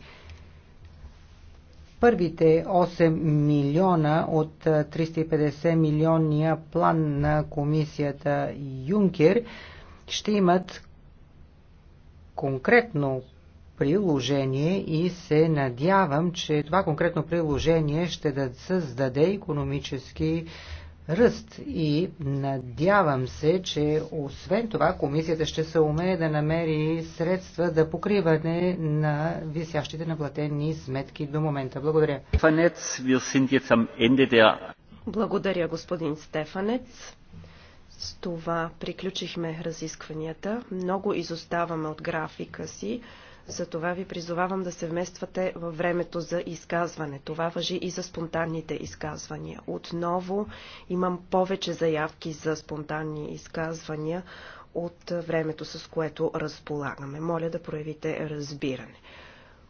Първите 8 милиона от 350 милионния план на комисията Юнкер ще имат конкретно приложение и се надявам, че това конкретно приложение ще да създаде економически ръст и надявам се, че освен това комисията ще се умее да намери средства за покриване на висящите наплатени сметки до момента. Благодаря. Благодаря, господин Стефанец. С това приключихме разискванията. Много изоставаме от графика си. Затова ви призовавам да се вмествате във времето за изказване. Това въжи и за спонтанните изказвания. Отново имам повече заявки за спонтанни изказвания от времето, с което разполагаме. Моля да проявите разбиране.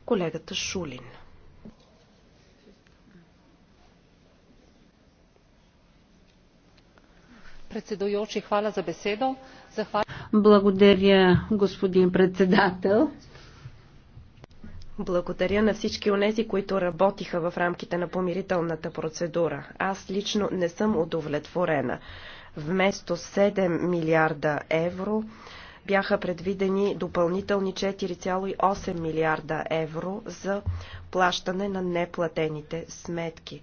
Колегата Шулин. Председател, hvala за беседо. Благодаря, господин председател. Благодаря на всички онези, които работиха в рамките на помирителната процедура. Аз лично не съм удовлетворена. Вместо 7 милиарда евро бяха предвидени допълнителни 4,8 милиарда евро за плащане на неплатените сметки.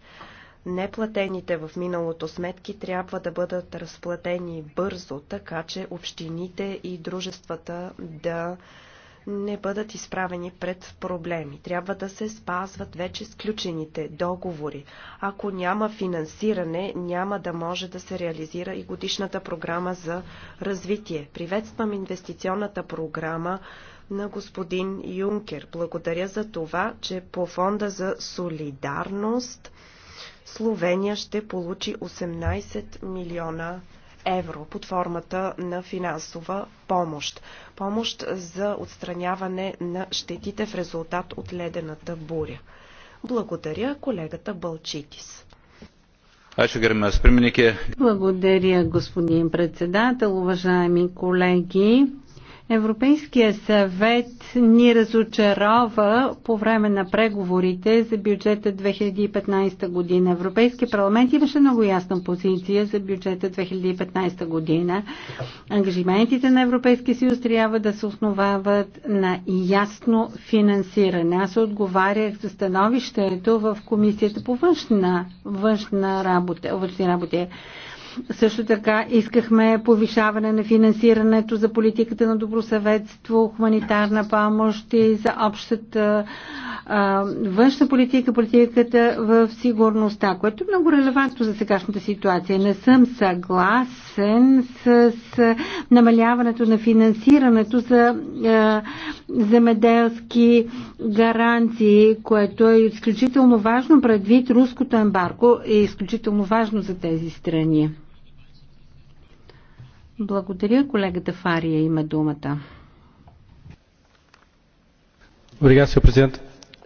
Неплатените в миналото сметки трябва да бъдат разплатени бързо, така че общините и дружествата да не бъдат изправени пред проблеми. Трябва да се спазват вече сключените договори. Ако няма финансиране, няма да може да се реализира и годишната програма за развитие. Приветствам инвестиционната програма на господин Юнкер. Благодаря за това, че по фонда за солидарност Словения ще получи 18 милиона евро евро под формата на финансова помощ. Помощ за отстраняване на щетите в резултат от ледената буря. Благодаря колегата Балчитис. Благодаря, господин председател, уважаеми колеги. Европейския съвет ни разочарова по време на преговорите за бюджета 2015 година. Европейския парламент имаше много ясна позиция за бюджета 2015 година. Ангажиментите на Европейския съюз трябва да се основават на ясно финансиране. Аз отговарях за становището в Комисията по външна, външна работа, външни работи. Също така искахме повишаване на финансирането за политиката на добросъветство, хуманитарна помощ и за общата външна политика, политиката в сигурността, което е много релевантно за сегашната ситуация. Не съм съгласен с, с намаляването на финансирането за земеделски гаранции, което е изключително важно предвид руското ембарко и е изключително важно за тези страни. Благодаря. Колегата Фария има думата. Благодаря, президент.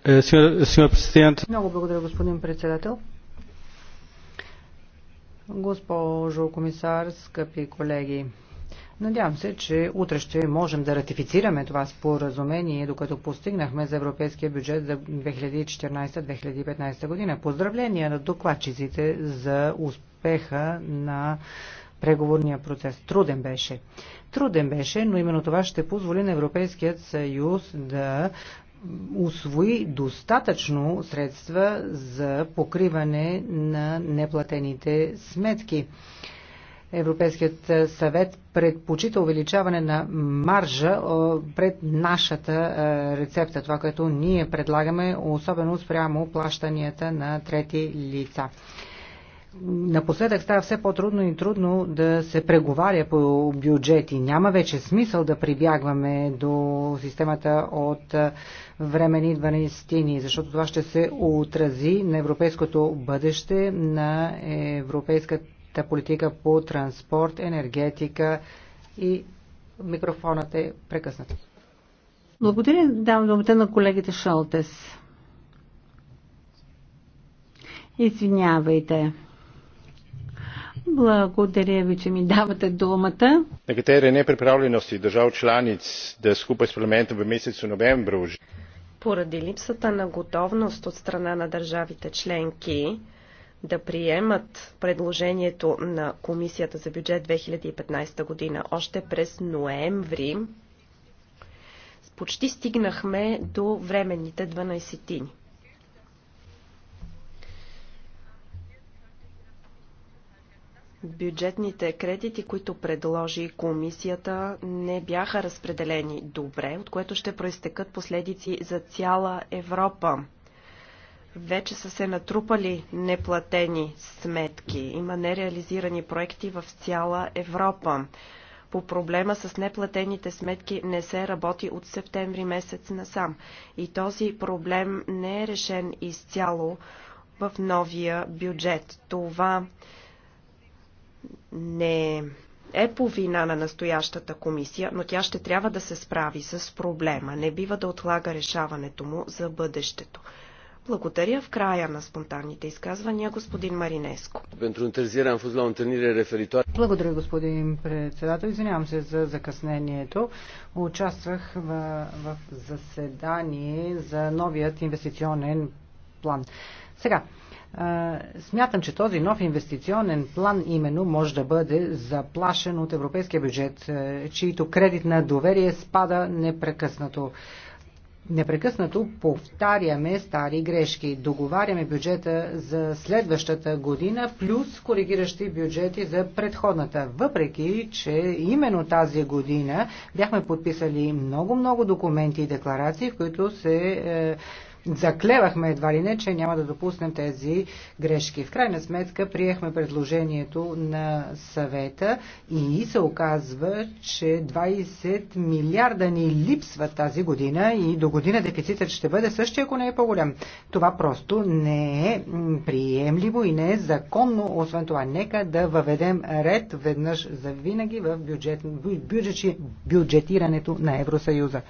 Е, Сега президент. Много благодаря, господин председател. Госпожо комисар, скъпи колеги, Надявам се, че утре ще можем да ратифицираме това споразумение, докато постигнахме за европейския бюджет за 2014-2015 година. Поздравления на докладчиците за успеха на преговорния процес. Труден беше. Труден беше, но именно това ще позволи на Европейският съюз да освои достатъчно средства за покриване на неплатените сметки. Европейският съвет предпочита увеличаване на маржа пред нашата рецепта, това, което ние предлагаме, особено спрямо плащанията на трети лица напоследък става все по-трудно и трудно да се преговаря по бюджети. Няма вече смисъл да прибягваме до системата от времени 12 защото това ще се отрази на европейското бъдеще, на европейската политика по транспорт, енергетика и микрофонът е прекъснат. Благодаря. Давам думата на колегите Шалтес. Извинявайте. Благодаря ви, че ми давате думата. Некатери неприправлености държав членец да е скупа с парламента в месец ноември. Поради липсата на готовност от страна на държавите членки да приемат предложението на Комисията за бюджет 2015 година още през ноември, почти стигнахме до временните 12 -тини. бюджетните кредити, които предложи комисията, не бяха разпределени добре, от което ще проистекат последици за цяла Европа. Вече са се натрупали неплатени сметки. Има нереализирани проекти в цяла Европа. По проблема с неплатените сметки не се работи от септември месец насам. И този проблем не е решен изцяло в новия бюджет. Това не е по вина на настоящата комисия, но тя ще трябва да се справи с проблема. Не бива да отлага решаването му за бъдещето. Благодаря в края на спонтанните изказвания господин Маринеско. Благодаря господин председател. Извинявам се за закъснението. Участвах в, в заседание за новият инвестиционен план. Сега, Смятам, че този нов инвестиционен план именно може да бъде заплашен от европейския бюджет, чието кредит на доверие спада непрекъснато. Непрекъснато повтаряме стари грешки, договаряме бюджета за следващата година, плюс коригиращи бюджети за предходната. Въпреки, че именно тази година бяхме подписали много-много документи и декларации, в които се е, заклевахме едва ли не, че няма да допуснем тези грешки. В крайна сметка приехме предложението на съвета и се оказва, че 20 милиарда ни липсват тази година и до година дефицитът ще бъде същия, ако не е по-голям. Това просто не е приемливо и не е законно. Освен това, нека да въведем ред веднъж за винаги в бюджет, бюджет, бюджетирането на Евросъюза.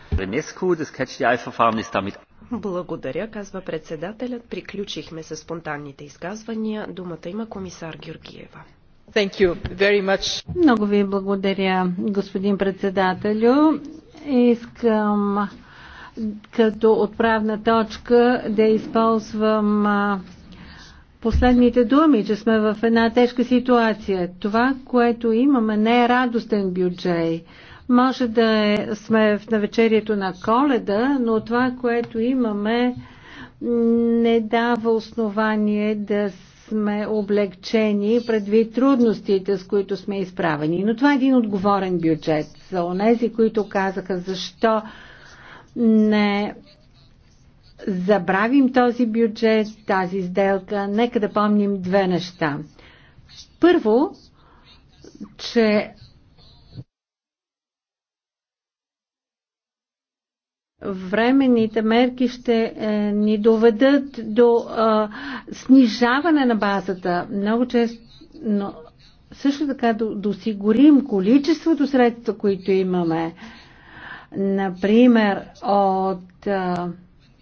Благодаря, казва председателят. Приключихме с спонтанните изказвания. Думата има комисар Георгиева. Thank you very much. Много ви благодаря, господин председателю. Искам като отправна точка да използвам последните думи, че сме в една тежка ситуация. Това, което имаме, не е радостен бюджет може да е, сме в навечерието на коледа, но това, което имаме, не дава основание да сме облегчени предвид трудностите, с които сме изправени. Но това е един отговорен бюджет. За онези, които казаха защо не забравим този бюджет, тази сделка, нека да помним две неща. Първо, че временните мерки ще е, ни доведат до е, снижаване на базата. Много често, но също така да, досигурим количеството средства, които имаме. Например, от е,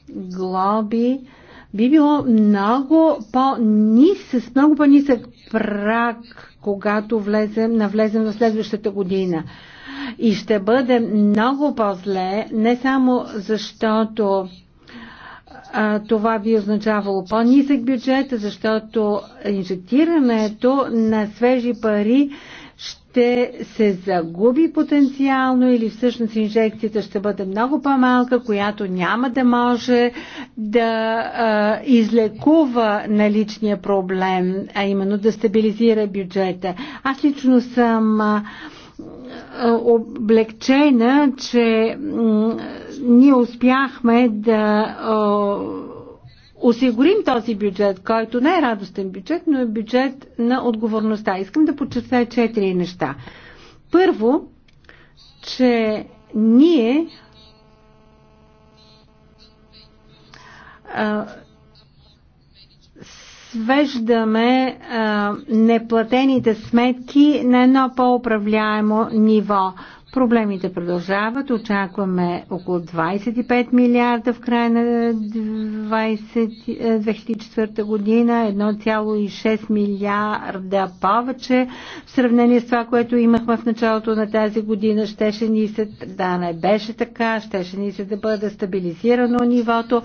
глоби би било много по с много по-нисък прак, когато влезем, навлезем в следващата година и ще бъде много по-зле, не само защото това би означавало по-нисък бюджет, защото инжектирането на свежи пари ще се загуби потенциално или всъщност инжекцията ще бъде много по-малка, която няма да може да а, излекува наличния проблем, а именно да стабилизира бюджета. Аз лично съм а, облегчена, че ние успяхме да осигурим този бюджет, който не е радостен бюджет, но е бюджет на отговорността. Искам да подчертая четири неща. Първо, че ние свеждаме а, неплатените сметки на едно по-управляемо ниво. Проблемите продължават. Очакваме около 25 милиарда в края на 20, 2004 година, 1,6 милиарда повече в сравнение с това, което имахме в началото на тази година. Щеше ни се да не беше така, щеше ни се да бъде стабилизирано нивото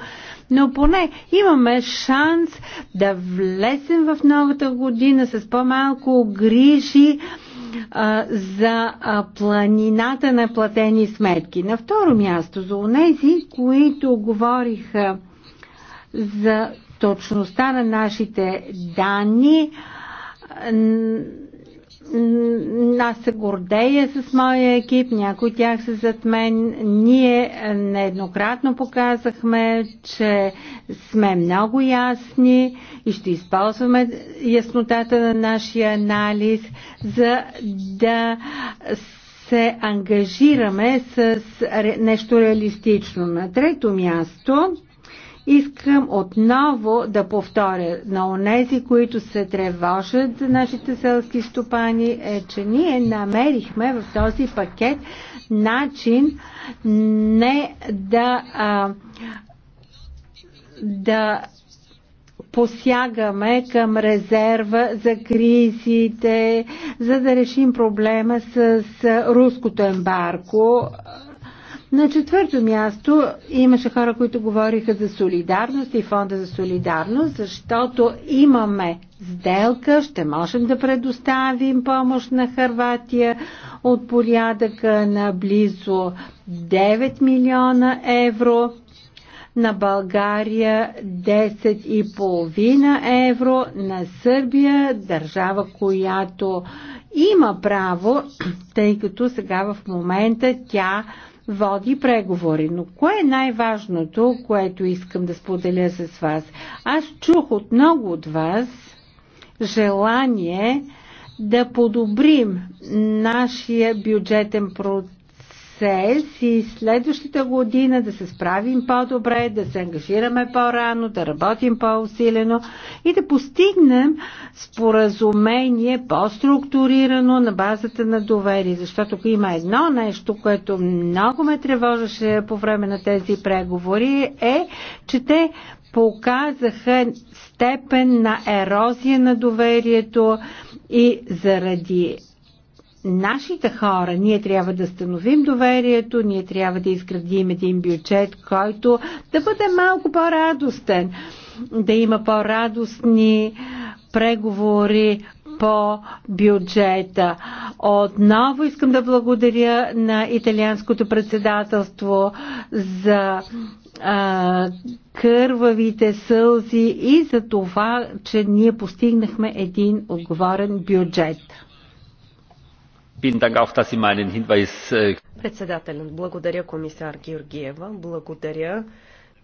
но поне имаме шанс да влезем в новата година с по-малко грижи а, за а, планината на платени сметки. На второ място, за онези, които говориха за точността на нашите данни, аз се гордея с моя екип, някои от тях са зад мен. Ние е, нееднократно показахме, че сме много ясни и ще използваме яснотата на нашия анализ, за да се ангажираме с нещо реалистично. На трето място Искам отново да повторя на онези, които се тревожат за нашите селски стопани, е, че ние намерихме в този пакет начин не да, а, да посягаме към резерва за кризите, за да решим проблема с руското ембарко на четвърто място имаше хора, които говориха за солидарност и фонда за солидарност, защото имаме сделка, ще можем да предоставим помощ на Харватия от порядъка на близо 9 милиона евро на България 10,5 евро, на Сърбия, държава, която има право, тъй като сега в момента тя води преговори. Но кое е най-важното, което искам да споделя с вас? Аз чух от много от вас желание да подобрим нашия бюджетен процес СЕС и следващата година да се справим по-добре, да се ангажираме по-рано, да работим по-усилено и да постигнем споразумение по-структурирано на базата на доверие. Защото ако има едно нещо, което много ме тревожеше по време на тези преговори, е, че те показаха степен на ерозия на доверието и заради нашите хора. Ние трябва да становим доверието, ние трябва да изградим един бюджет, който да бъде малко по-радостен, да има по-радостни преговори по бюджета. Отново искам да благодаря на италианското председателство за а, кървавите сълзи и за това, че ние постигнахме един отговорен бюджет. Äh, председател, благодаря комисар Георгиева, благодаря,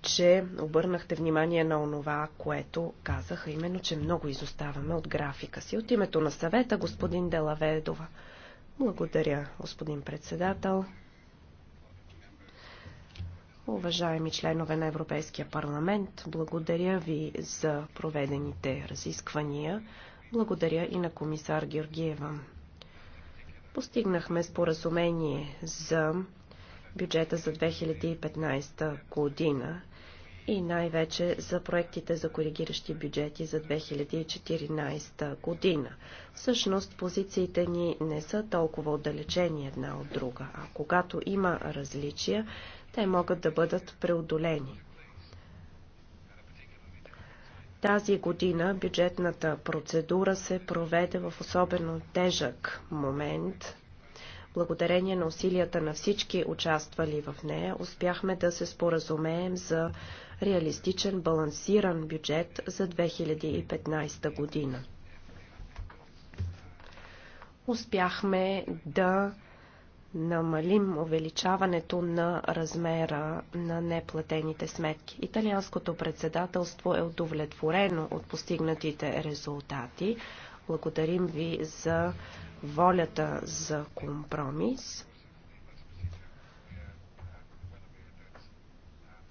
че обърнахте внимание на онова, което казаха, именно, че много изоставаме от графика си. От името на съвета, господин Делаведова. Благодаря, господин председател. Уважаеми членове на Европейския парламент, благодаря ви за проведените разисквания. Благодаря и на комисар Георгиева. Постигнахме споразумение за бюджета за 2015 година и най-вече за проектите за коригиращи бюджети за 2014 година. Всъщност позициите ни не са толкова отдалечени една от друга, а когато има различия, те могат да бъдат преодолени. Тази година бюджетната процедура се проведе в особено тежък момент. Благодарение на усилията на всички участвали в нея, успяхме да се споразумеем за реалистичен, балансиран бюджет за 2015 година. Успяхме да намалим увеличаването на размера на неплатените сметки. Италианското председателство е удовлетворено от постигнатите резултати. Благодарим ви за волята за компромис.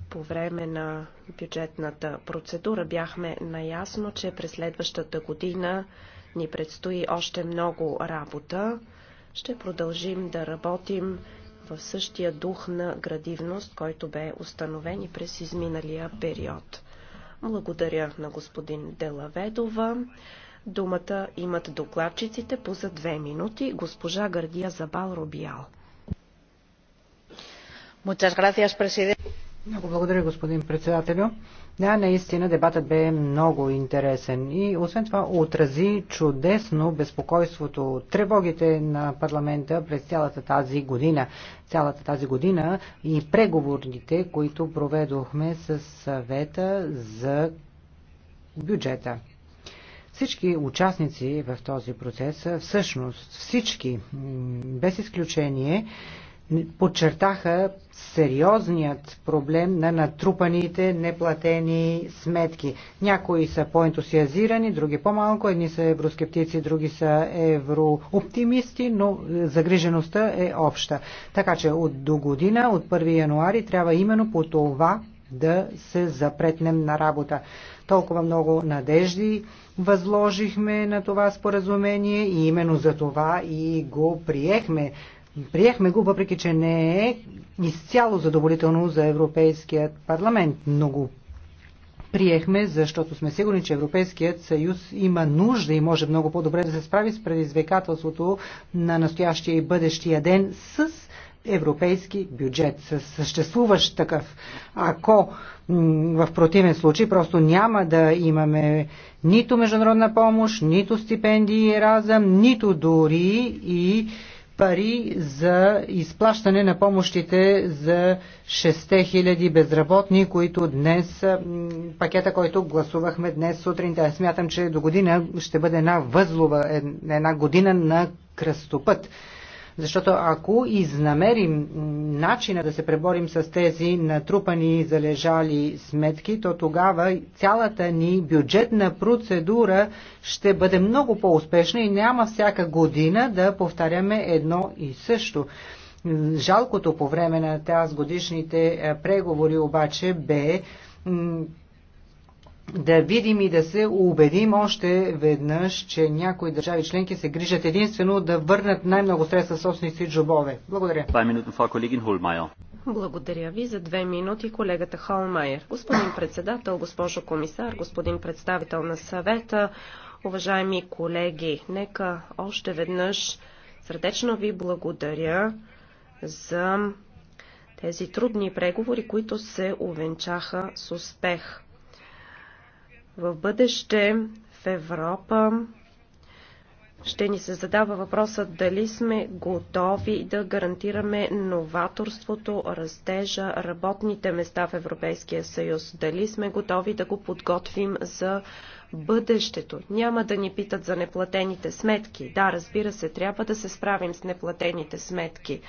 по време на бюджетната процедура бяхме наясно, че през следващата година ни предстои още много работа. Ще продължим да работим в същия дух на градивност, който бе установен и през изминалия период. Благодаря на господин Делаведова. Думата имат докладчиците по за две минути. Госпожа Гардия Забал Рубиал. Muchas gracias, presidente. Много благодаря, господин председателю. Да, наистина дебатът бе много интересен и освен това отрази чудесно безпокойството, тревогите на парламента през цялата тази година. Цялата тази година и преговорите, които проведохме с съвета за бюджета. Всички участници в този процес, всъщност всички, без изключение, подчертаха сериозният проблем на натрупаните неплатени сметки. Някои са по-ентусиазирани, други по-малко, едни са евроскептици, други са еврооптимисти, но загрижеността е обща. Така че от до година, от 1 януари, трябва именно по това да се запретнем на работа. Толкова много надежди възложихме на това споразумение и именно за това и го приехме Приехме го, въпреки че не е изцяло задоволително за Европейският парламент, много приехме, защото сме сигурни, че Европейският съюз има нужда и може много по-добре да се справи с предизвикателството на настоящия и бъдещия ден с европейски бюджет, с съществуващ такъв. Ако в противен случай просто няма да имаме нито международна помощ, нито стипендии и разъм, нито дори и пари за изплащане на помощите за 6000 безработни, които днес, пакета, който гласувахме днес сутринта. Да, смятам, че до година ще бъде една възлова, е, една година на кръстопът. Защото ако изнамерим начина да се преборим с тези натрупани залежали сметки, то тогава цялата ни бюджетна процедура ще бъде много по-успешна и няма всяка година да повтаряме едно и също. Жалкото по време на тази годишните преговори обаче бе да видим и да се убедим още веднъж, че някои държави членки се грижат единствено да върнат най-много средства в собствените си джобове. Благодаря. Благодаря ви за две минути колегата Холмайер. Господин председател, госпожо комисар, господин представител на съвета, уважаеми колеги, нека още веднъж сърдечно ви благодаря за тези трудни преговори, които се увенчаха с успех. В бъдеще в Европа ще ни се задава въпросът дали сме готови да гарантираме новаторството, растежа, работните места в Европейския съюз. Дали сме готови да го подготвим за бъдещето. Няма да ни питат за неплатените сметки. Да, разбира се, трябва да се справим с неплатените сметки,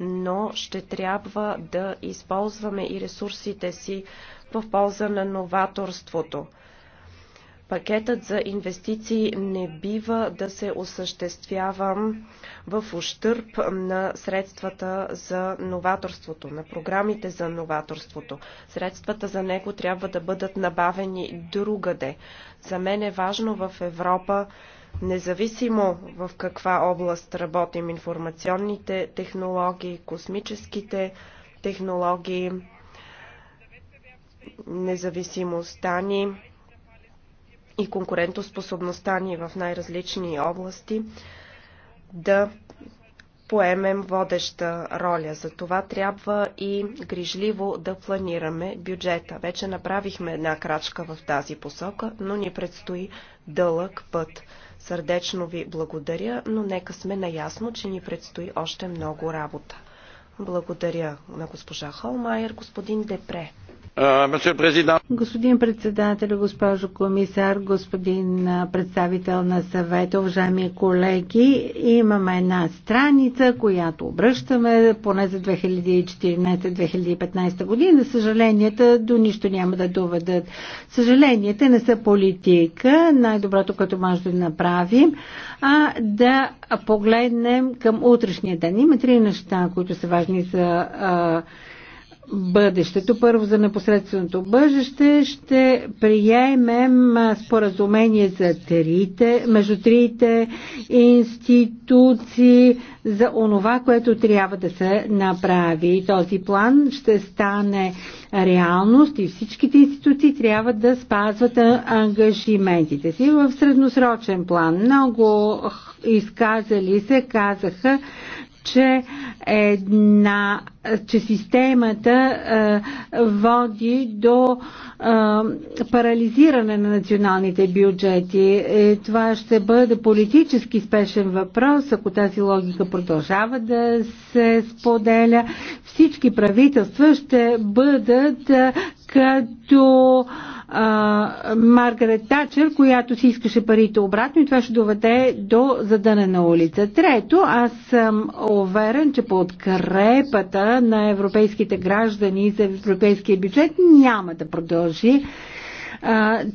но ще трябва да използваме и ресурсите си в полза на новаторството. Пакетът за инвестиции не бива да се осъществява в ущърп на средствата за новаторството, на програмите за новаторството. Средствата за него трябва да бъдат набавени другаде. За мен е важно в Европа независимо в каква област работим, информационните технологии, космическите технологии, независимостта ни, и конкурентоспособността ни в най-различни области, да поемем водеща роля. За това трябва и грижливо да планираме бюджета. Вече направихме една крачка в тази посока, но ни предстои дълъг път. Сърдечно ви благодаря, но нека сме наясно, че ни предстои още много работа. Благодаря на госпожа Холмайер, господин Депре. Euh, господин председател, госпожо комисар, господин представител на съвета, уважаеми колеги, имаме една страница, която обръщаме поне за 2014-2015 година. Съжаленията до нищо няма да доведат. Съжаленията не са политика, най-доброто, което може да направим, а да погледнем към утрешния ден. Има три неща, които са важни за бъдещето. Първо за непосредственото бъдеще ще приемем споразумение за трите, между трите институции за онова, което трябва да се направи. Този план ще стане реалност и всичките институции трябва да спазват ангажиментите си в средносрочен план. Много изказали се казаха, че една, че системата е, води до е, парализиране на националните бюджети. Е, това ще бъде политически спешен въпрос, ако тази логика продължава да се споделя. Всички правителства ще бъдат е, като е, а, Маргарет Тачер, която си искаше парите обратно и това ще доведе до задъна на улица. Трето, аз съм уверен, че подкрепата на европейските граждани за европейския бюджет няма да продължи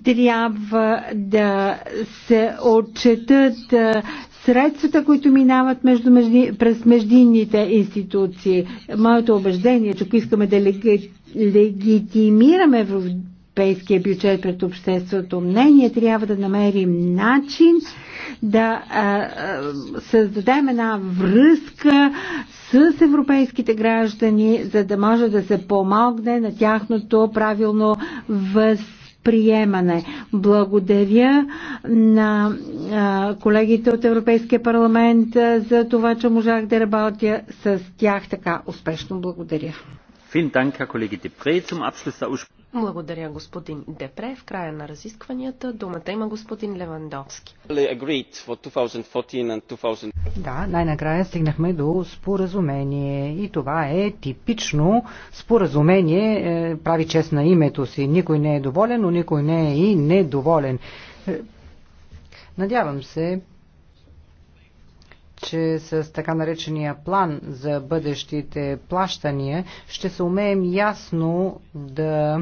трябва да се отчетат средствата, които минават между, през междинните институции. Моето убеждение е, че ако искаме да легитимираме европейския бюджет пред общественото мнение. Трябва да намерим начин да а, а, създадем една връзка с европейските граждани, за да може да се помогне на тяхното правилно въз приемане. Благодаря на а, колегите от Европейския парламент а, за това, че можах да работя с тях така успешно. Благодаря. Благодаря, господин Депре. В края на разискванията думата има господин Левандовски. Да, най-накрая стигнахме до споразумение и това е типично споразумение, е, прави чест на името си. Никой не е доволен, но никой не е и недоволен. Е, надявам се, че с така наречения план за бъдещите плащания ще се умеем ясно да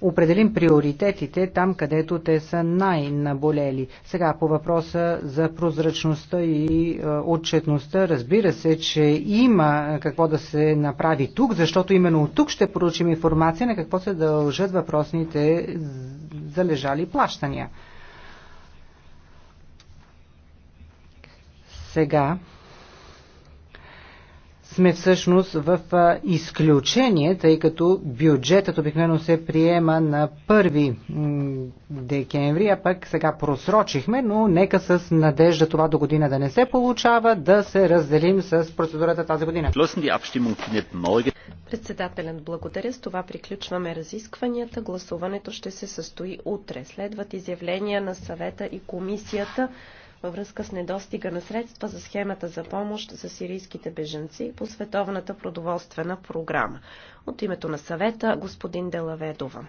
определим приоритетите там, където те са най-наболели. Сега по въпроса за прозрачността и е, отчетността, разбира се, че има какво да се направи тук, защото именно от тук ще поручим информация на какво се дължат въпросните залежали плащания. сега сме всъщност в изключение, тъй като бюджетът обикновено се приема на 1 декември, а пък сега просрочихме, но нека с надежда това до година да не се получава, да се разделим с процедурата тази година. Председателят благодаря. С това приключваме разискванията. Гласуването ще се състои утре. Следват изявления на съвета и комисията във връзка с недостига на средства за схемата за помощ за сирийските беженци по Световната продоволствена програма. От името на съвета господин Делаведова.